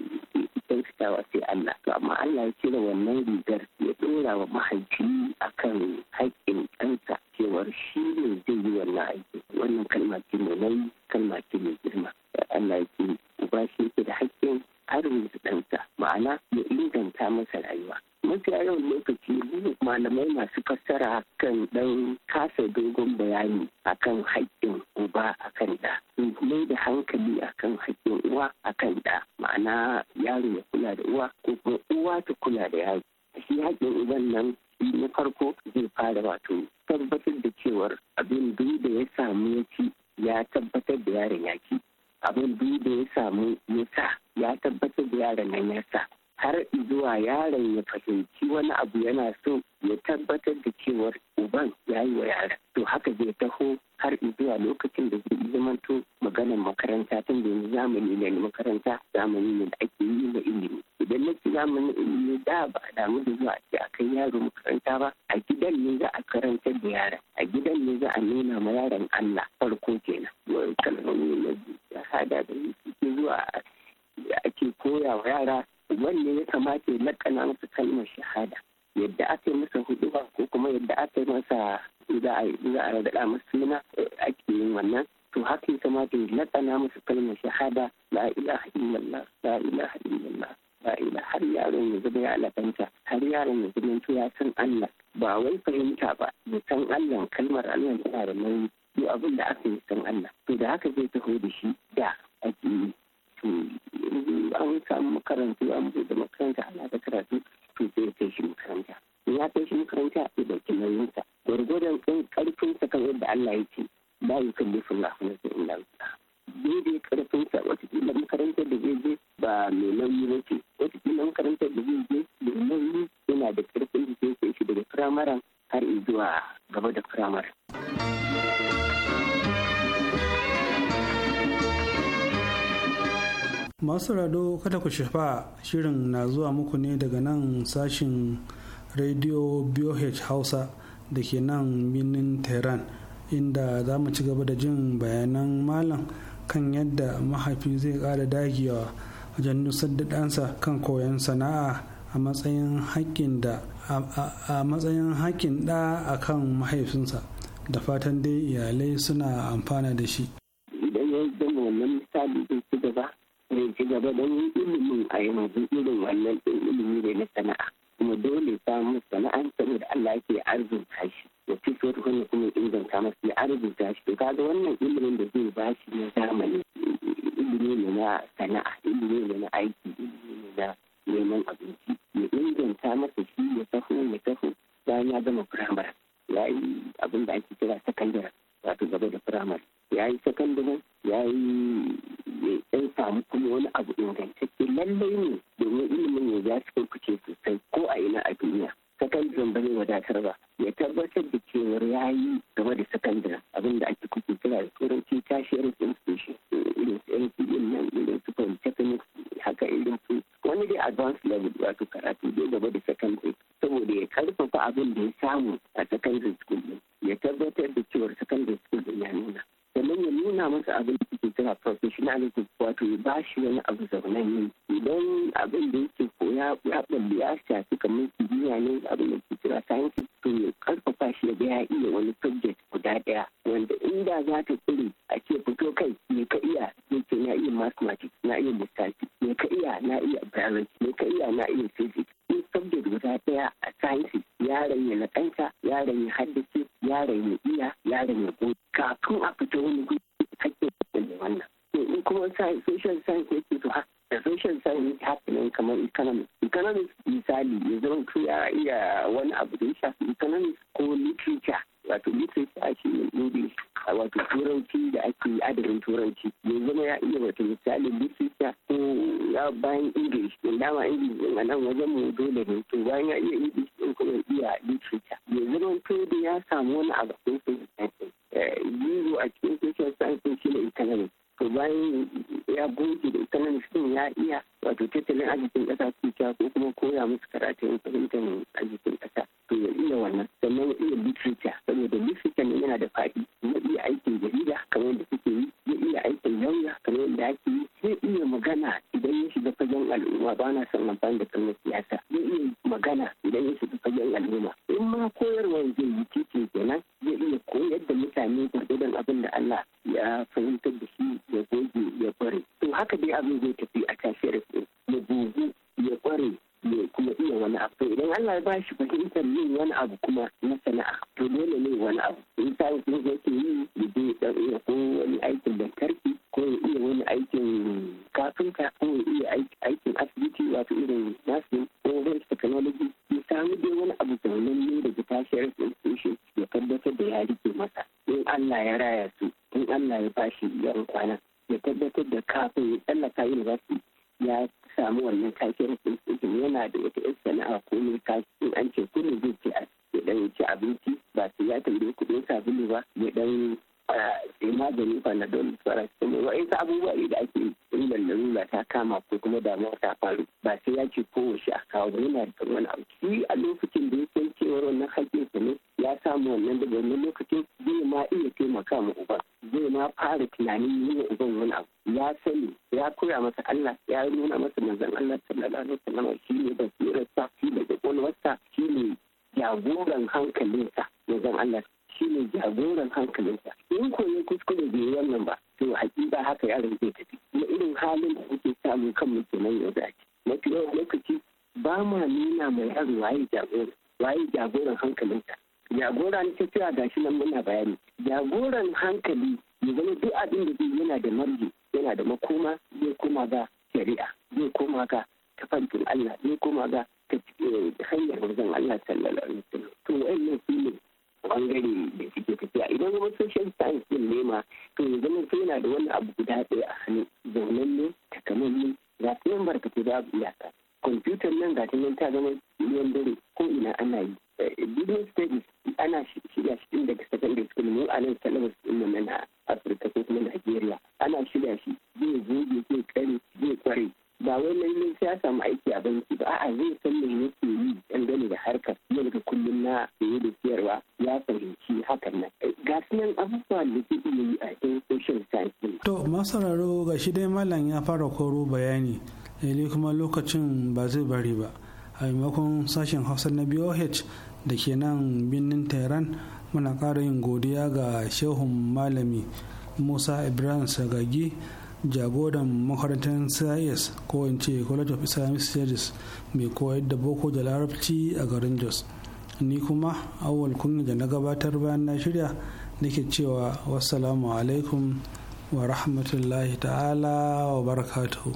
kyautatawa sai Allah to amma Allah ya cire wannan rigar ya ɗora wa mahaifi akan haƙƙin ɗansa cewar shi ne zai yi wannan aiki wannan kalma ce mai nauyi kalma ce mai girma Allah ya ce uba shi yake da haƙƙin arzuta ɗansa ma'ana ya inganta masa rayuwa mafiya yawan lokaci malamai masu fassara kan dan kasa dogon bayani akan haƙƙin uba akan da mai da hankali akan haƙƙin uwa akan da ma'ana yaro ya kula da uwa ko kuma uwa ta kula da yaro shi haƙƙin uban nan na farko zai fara wato tabbatar da cewar abin duk da ya samu ya ci ya tabbatar da yaron ya ci abin duk da ya samu ya sa ya tabbatar da yaron nan ya sa har zuwa yaron ya fahimci wani abu yana so ya tabbatar da cewar uban ya yi wa yaran to haka zai taho har zuwa lokacin da zai zamanto maganar makaranta tun da yanzu zamani ne na makaranta zamani ne da ake yi na ilimi idan na ci zamanin ilimi da ba a damu da zuwa ce a kai yaro makaranta ba a gidan ne za a karantar da yaran a gidan ne za a nuna ma yaran Allah farko kenan kalmomi na hada da zuwa ake koya wa yara wanne ya kamata ya lakana masa kalmar shahada yadda aka yi masa huduba ko kuma yadda aka yi masa za a raɗaɗa masa suna eh, ake yin wannan to haka ya kamata ya lakana masa kalmar shahada la ilaha illallah la ilaha illallah isra'ila har yaron ya zama ya har yaron ya zama ya san allah ba wai fahimta ba ya san allah kalmar allah tana da nauyi duk abin da aka yi san allah to da haka zai taho da shi da ake yi an samu makarantu an da makaranta ana da karatu to sai kai shi makaranta ya kai shi makaranta ya ɗauki nauyinsa gwargwadon ɗin sa kan yadda Allah ya ce ba yi kan nufin kuma sai in lafiya sa wata watakila makaranta da zai je ba mai nauyi ba ce watakila makarantar da zai je mai nauyi yana da ƙarfin da zai kai shi daga firamaren har zuwa gaba da firamaren.
masu
rado kada ku shafa shirin na zuwa muku ne daga nan sashin radio BOH Hausa da ke nan birnin Tehran inda za mu ci gaba da jin bayanan malam kan yadda mahaifi zai ƙara dagewa wajen nusar da ɗansa kan koyon sana'a a matsayin hakkin da ɗa a kan mahaifinsa da fatan dai iyalai suna amfana da shi.
ga don ilimin a yanzu irin wannan ɗin ilimi ne na sana'a kuma dole samu sana'an saboda Allah yake arzuta shi ya fito da kuma inganta masu ya arzuta shi to kaga wannan ilimin da tun a fito wani a kawo yana da wani abu shi a lokacin da ya san cewar wannan haƙƙin sa ne ya samu wannan daga wannan lokacin zai ma iya taimaka ma uban zai ma fara tunanin yi wa uban wani abu ya sani ya koya masa Allah ya nuna masa manzon Allah sallallahu alaihi wasallam shi ne basirarsa shi ne da shi ne jagoran hankalinsa manzon Allah shi ne jagoran hankalinsa in koyi kuskure bai wannan ba to hakika haka yaron zai tafi na irin halin da kuke samun kan mutumin yau da ake mafi yawan lokaci ba ma nuna mai har waye jagora waye jagoran hankalinka jagora ne tafiya ga shi nan muna bayani jagoran hankali ya zama duk abin da zai yana da marji yana da makoma zai koma ga shari'a zai koma ga tafarkin Allah zai koma ga eh, hanyar wajen Allah sallallahu alaihi wasallam to wannan su ne bangare da suke tafiya idan zama social science din nema to ya zama sai yana da wani abu guda ɗaya a hannu zaunan ne ne ga su nan barkatai babu iyaka kwamfutar nan ga nan ta zama miliyan dare ko ina ana yi eh, business studies ana shirya shi tun daga secondary school mu a nan salabar din nan na Afirka ko kuma Najeriya ana shirya shi zai zo zai kare zai kware ba wai lallai sai ya samu aiki a banki ba a'a zai san me yake yi dangane da harkar yau da kullum na saye da siyarwa ya fahimci hakan nan ga nan abubuwa da ke iya yi a cikin social science to
masararo ga shi dai malam ya fara koro bayani lalle kuma lokacin ba zai bari ba a maimakon sashen hausa na boh da ke nan birnin tehran muna kara yin godiya ga shehun malami musa ibrahim sagagi jagoran makarantar cis ko in ce college of islamic studies mai koyar da boko da larabci a garin jos ni kuma awal kunni da na gabatar bayan na shirya nake cewa wassalamu alaikum wa rahmatullahi
ta'ala wa barakatuhu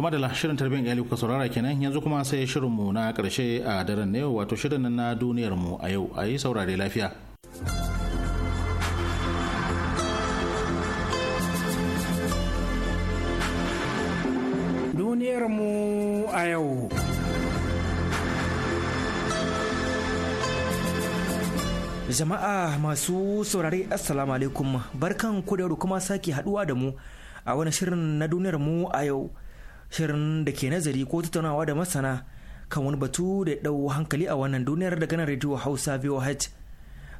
to madalla shirin tarbiyyar iyali kuka saurara kenan yanzu kuma sai shirin mu na karshe a daren yau wato shirin na duniyar mu a yau a yi saurare lafiya duniyar mu a
yau
jama'a masu saurare assalamu alaikum barkan ku kuma sake haduwa da mu a wani shirin na duniyar mu a yau shirin da ke nazari ko tattaunawa da masana kan wani batu da ɗau hankali a wannan duniyar da ganin rediyo hausa voh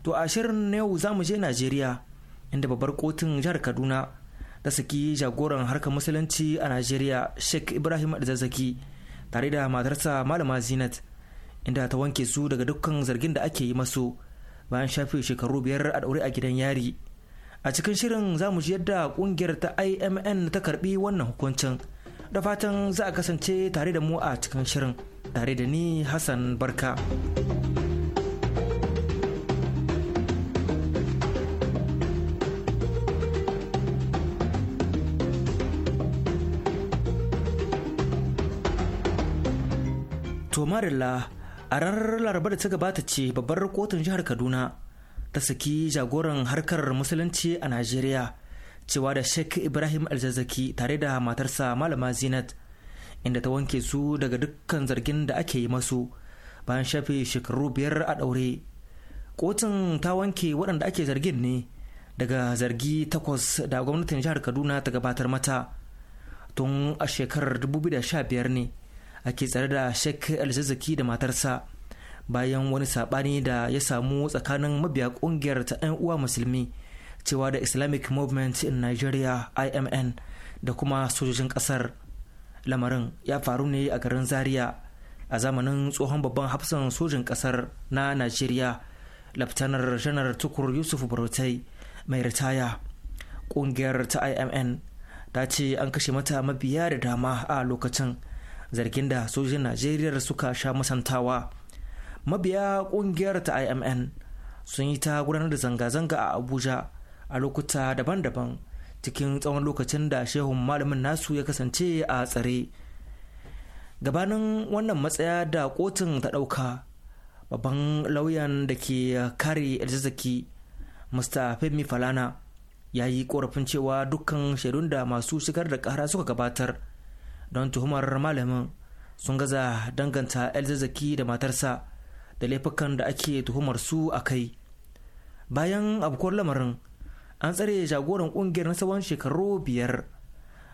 to a shirin na yau za mu je najeriya inda babbar kotun jihar kaduna da saki jagoran harkar musulunci a najeriya sheikh ibrahim adzazzaki tare da matarsa malama zinat inda ta wanke su daga dukkan zargin da ake yi masu bayan shafe shekaru biyar a ɗaure a gidan yari a cikin shirin za mu ji yadda ƙungiyar ta imn ta karbi wannan hukuncin da fatan za a kasance tare da mu a cikin shirin tare da ni Hassan Barka. Tomarilla a ranar laraba da ta gabata ce babbar kotun jihar Kaduna ta saki jagoran harkar musulunci a Najeriya cewa da Sheikh Ibrahim Alzazzaki tare da matarsa Malama Zinat inda ta wanke su daga dukkan zargin da ake yi masu bayan shafe shekaru biyar a ɗaure. Kotun ta wanke waɗanda ake zargin ne daga zargi takwas da gwamnatin jihar Kaduna ta gabatar mata tun a shekarar 2015 ne ake tsare da Sheikh Alzazzaki da matarsa. bayan wani saɓani da ya samu tsakanin mabiya ƙungiyar ta 'yan uwa musulmi cewa da islamic movement in nigeria imn da kuma sojojin kasar lamarin ya faru ne a garin zaria a zamanin tsohon babban hafsan sojin kasar na Najeriya, laftanar janar tukur yusuf barotai mai ritaya ƙungiyar ta imn ta ce an kashe mata mabiya da dama a lokacin zargin da sojin najeriya suka sha musantawa mabiya kungiyar ta imn sun yi ta gudanar da zanga-zanga a abuja a lokuta daban-daban cikin tsawon lokacin da shehun malamin nasu ya kasance a tsare gabanin wannan matsaya da kotun ta ɗauka babban lauyan da ke kare elzazaki mr femi falana ya yi korafin cewa dukkan shaidun da masu shigar da kara suka gabatar don tuhumar malamin sun gaza danganta elzazaki da matarsa da laifukan da ake tuhumar su a kai bayan abokuwar lamarin an tsare jagoran kungiyar na tsawon shekaru biyar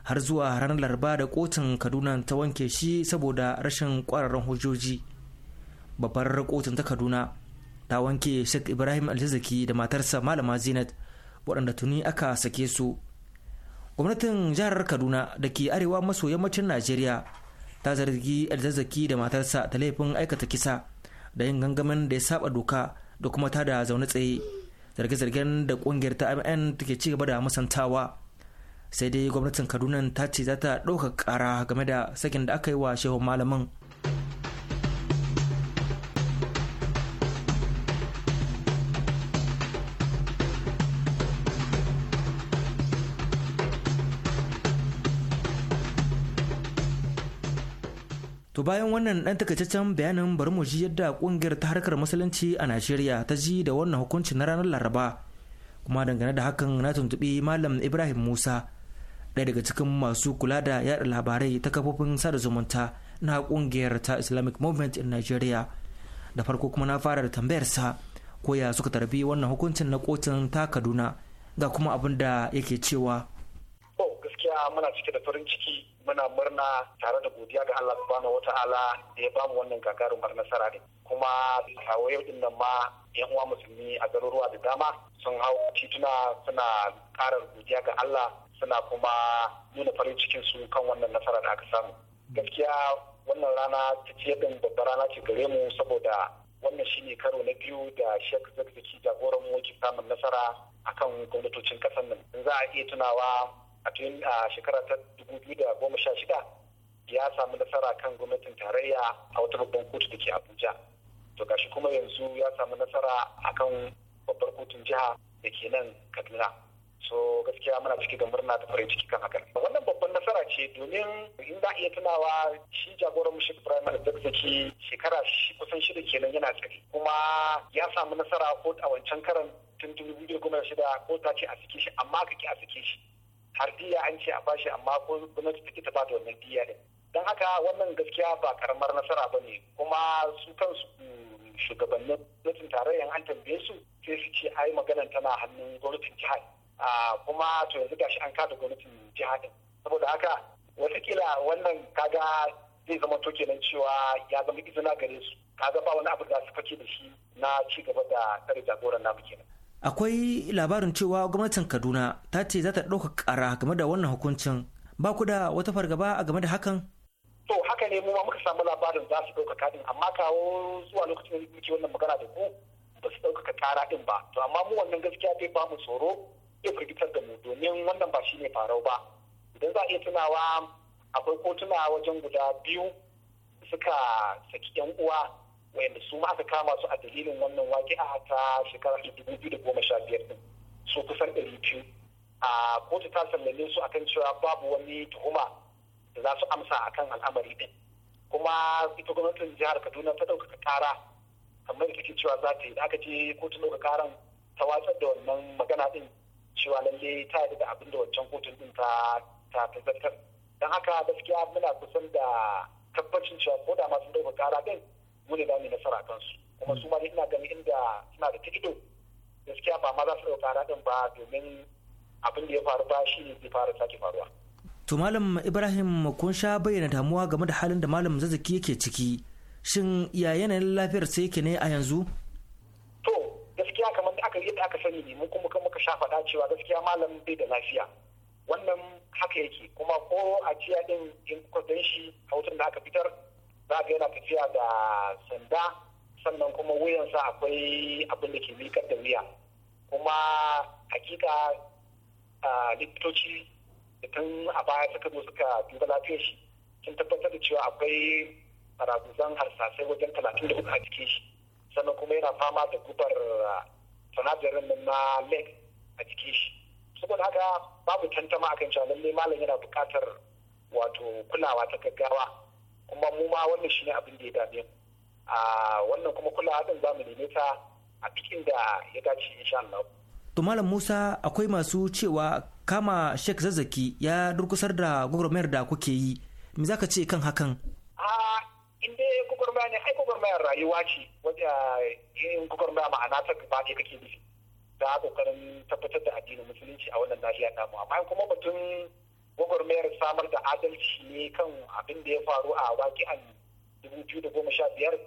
har zuwa ranar laraba da kotun kaduna ta wanke shi saboda rashin kwararren hujjoji babbar kotun ta kaduna ta wanke sheikh ibrahim alzazaki da matarsa malama zinat waɗanda tuni aka sake su gwamnatin jihar kaduna da ke arewa maso yammacin najeriya ta zargi alzazzaki da matarsa ta laifin aikata kisa da yin gangamin da ya saba doka da kuma tada zaune tsaye zarge-zargen da kungiyar ta mn take ci gaba da masantawa sai dai gwamnatin kaduna ta ce za ta ɗauka ƙara game da sakin da aka yi wa shehun malamin To bayan wannan ɗan takaitaccen bayanin bari mu ji yadda ƙungiyar ta harkar musulunci a Najeriya ta ji da wannan hukunci na ranar Laraba. Kuma dangane da hakan na tuntuɓi Malam Ibrahim Musa ɗaya daga cikin masu kula da yaɗa labarai ta kafofin sada zumunta na ƙungiyar ta Islamic Movement in Nigeria. Da farko kuma na fara da tambayar ko ya suka tarbi wannan hukuncin na kotun ta Kaduna ga kuma abin da yake cewa.
gaskiya muna cike da farin ciki muna murna tare da godiya ga Allah subhanahu wataala da ya bamu wannan gagarumar nasara ne kuma kawo yau din nan ma yan uwa musulmi a garuruwa da dama sun hau tituna suna karar godiya ga Allah suna kuma nuna farin cikin su kan wannan nasara da aka samu gaskiya wannan rana ta ce din babbar rana ce gare mu saboda wannan shine karo na biyu da shek Zakzaki jagoran mu ke samun nasara akan gwamnatocin kasan nan za a iya tunawa a tun a shekara ta shida ya samu nasara kan gwamnatin tarayya a wata babban kotu da ke abuja to gashi kuma yanzu ya samu nasara akan babbar kotun jiha da ke nan kaduna so gaskiya muna ciki da murna da farin ciki kan hakan wannan babban nasara ce domin in za a iya tunawa shi jagoran mu da ibrahim zaki shekara kusan shida kenan yana tsari kuma ya samu nasara ko a wancan karan tun dubu biyu goma shida ko ta ce a sike shi amma ka ki a sike shi har diya an ce a bashi amma gwamnati take ta bada wannan diya din don haka wannan gaskiya ba karamar nasara ba ne kuma su kansu mm, shugabannin gwamnatin tarayyar an tambaye su sai su ce ai maganan tana hannun gwamnatin jihar ah, kuma to yanzu gashi an kada gwamnatin jihar din saboda haka watakila wannan kaga zai zama to kenan cewa ya zama izina gare su kaga ba wani abu da su fake da shi na ci gaba da tsare jagoran namu kenan
akwai labarin cewa gwamnatin kaduna ta ce za ta ɗauka ƙara game da wannan hukuncin ba ku da wata fargaba a game da hakan
to haka ne mu ma muka samu labarin za su ɗaukaka ƙarin amma kawo zuwa lokacin da muke wannan magana da ku ba su ɗaukaka ƙara ɗin ba to amma mu wannan gaskiya bai ba mu tsoro ya firgitar da mu domin wannan ba shine farau ba idan za a iya tunawa akwai kotuna wajen guda biyu suka saki yan uwa wayanda su ma aka kama su a dalilin wannan a ta shekara ta dubu biyu da goma sha biyar din su kusan ɗari biyu a kotu ta sallame su akan cewa babu wani tuhuma da za su amsa akan al'amari din kuma ita gwamnatin jihar kaduna ta ɗaukaka ƙara kamar ita ke cewa za ta yi da aka je kotun ɗaukaka ƙaran ta watsar da wannan magana din cewa lalle ta yi da abin wancan kotun din ta ta zartar don haka gaskiya muna kusan da tabbacin cewa ko da masu ɗaukaka ƙara din mu ne mu nasara kansu kuma su ma ina ganin inda suna da tikido gaskiya ba ma za su ɗauka raɗin ba domin abin da ya faru ba shi ne zai fara sake faruwa.
to malam ibrahim kun sha bayyana damuwa game da halin da malam zazzaki yake ciki shin ya yanayin lafiyar sa yake ne a yanzu.
to gaskiya kamar da aka yadda aka sani ne mun kuma muka sha faɗa cewa gaskiya malam bai da lafiya wannan haka yake kuma ko a jiya din in kuka shi a da aka fitar za ka yana tafiya da sanda sannan kuma wuyansa akwai abin da ke miƙar da wuya kuma hakika likitoci da tun a baya suka zo suka duba lafiyar shi sun tabbatar da cewa akwai baraguzan harsasai wajen talatin da uku a jikin shi sannan kuma yana fama da gubar sanadarin nan na leg a jikin shi saboda haka babu tantama akan cewa lallai malam yana buƙatar wato kulawa ta gaggawa kuma mu ma wannan shine abin da ya dame mu a wannan kuma kulawa din za mu neme ta a cikin da ya dace insha Allah
to malam Musa akwai masu cewa kama Sheikh Zazzaki ya durkusar da gwagwarmayar da kuke yi me zaka ce kan hakan a
inda dai gwagwarmaya ne ai gwagwarmayar rayuwa ce wajen eh, yin gwagwarmaya ma'ana ta gaba ce kake nufi da kokarin tabbatar da addinin musulunci a wannan nahiya namu amma kuma batun mayar samar da adalci ne kan abin da ya faru a waki'an 2015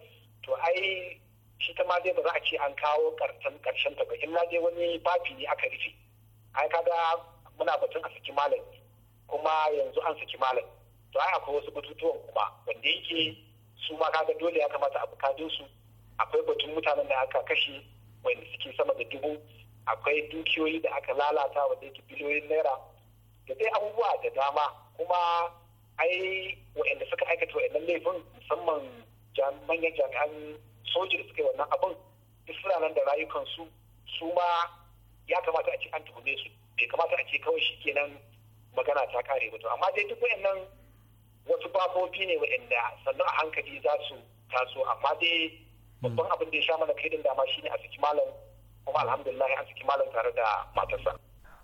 to ai shi ta ma dai ba za a ce an kawo karshen ta ba in ma dai wani babi ne aka rufe ai kaga muna batun a saki malam kuma yanzu an saki malam to ai akwai wasu batutuwan kuma wanda yake su ma kaga dole ya kamata a bukatun su akwai batun mutanen da aka kashe wanda suke sama da dubu akwai dukiyoyi da aka lalata wanda yake biliyoyin naira da dai abubuwa da dama kuma ai waɗanda suka aikata waɗannan laifin musamman manyan jami'an soja da suka yi wannan abin suna nan da rayukansu su ma ya kamata a ce an tuhume su bai kamata a ce kawai shi kenan magana ta kare ba to amma dai duk waɗannan wasu babobi ne waɗanda sannan a hankali za su taso amma dai babban abin da ya sha mana kai din dama shine a saki malam kuma alhamdulillah an saki malam tare da matarsa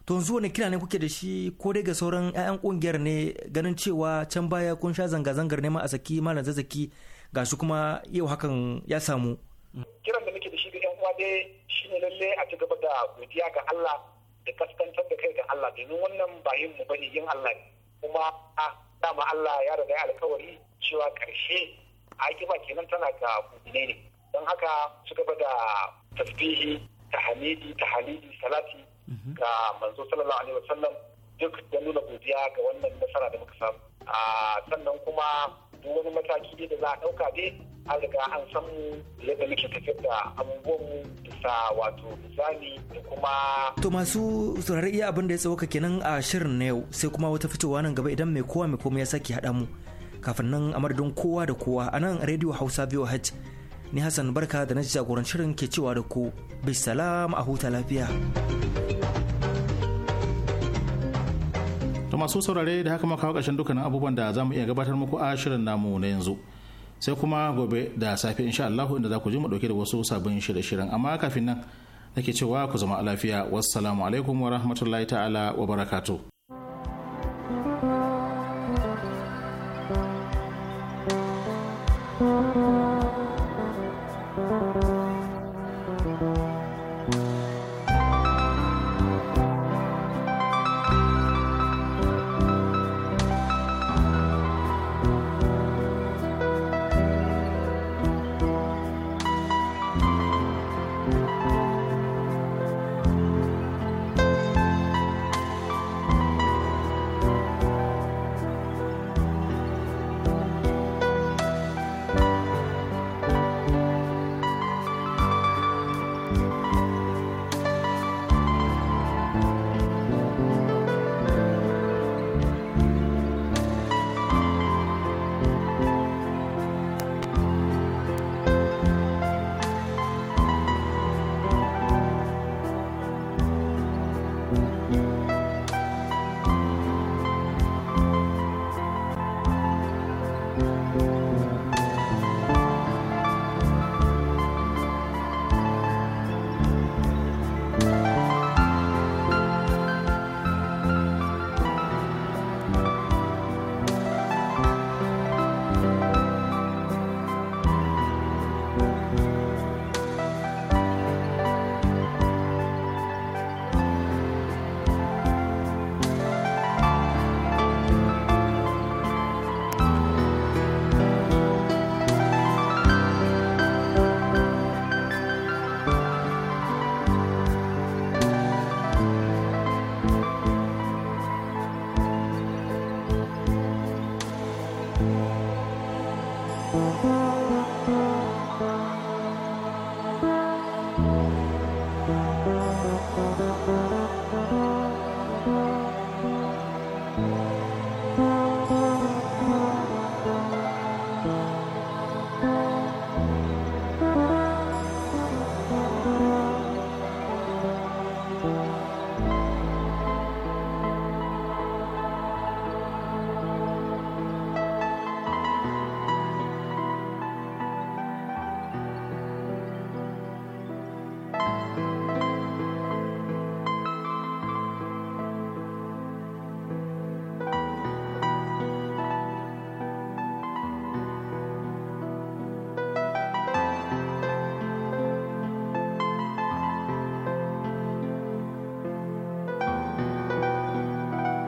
to yanzu wani kira ne kuke da shi ko dai ga sauran 'ya'yan kungiyar ne ganin cewa can baya kun sha zanga-zangar neman a saki malam zazzaki su kuma yau hakan ya samu
kiran da muke da shi ga 'yan uwa dai shine lalle a ci gaba da godiya ga Allah da kaskantar da kai ga Allah domin wannan ba yin mu bane yin Allah ne kuma a dama Allah ya riga alkawari cewa karshe a kiba kenan tana ga ne don haka su gaba da tasbihi ta halidi salati ga manzo sallallahu alaihi wasallam duk da nuna godiya ga wannan nasara da muka samu sannan kuma duk wani mataki ne da za a dauka dai an riga an san yadda muke tafiyar da abubuwan bisa wato misali
da kuma to masu saurari iya abin da ya ka kenan a shirin na yau sai kuma wata fitowa nan gaba idan mai kowa mai komai ya sake haɗa mu kafin nan a madadin kowa da kowa a nan rediyo hausa voh ni hassan barka da na shirin ke cewa da ku salam a huta lafiya
to masu saurare da haka makawa ƙarshen dukkanin abubuwan da za mu iya gabatar muku a shirin namu na yanzu sai kuma gobe da safe insha Allah inda za ku ji mu dauke da wasu sabbin shirye-shiryen amma kafin nan nake cewa ku zama lafiya wassalamu alaikum wa rahmatullahi ta'ala wa barakatuh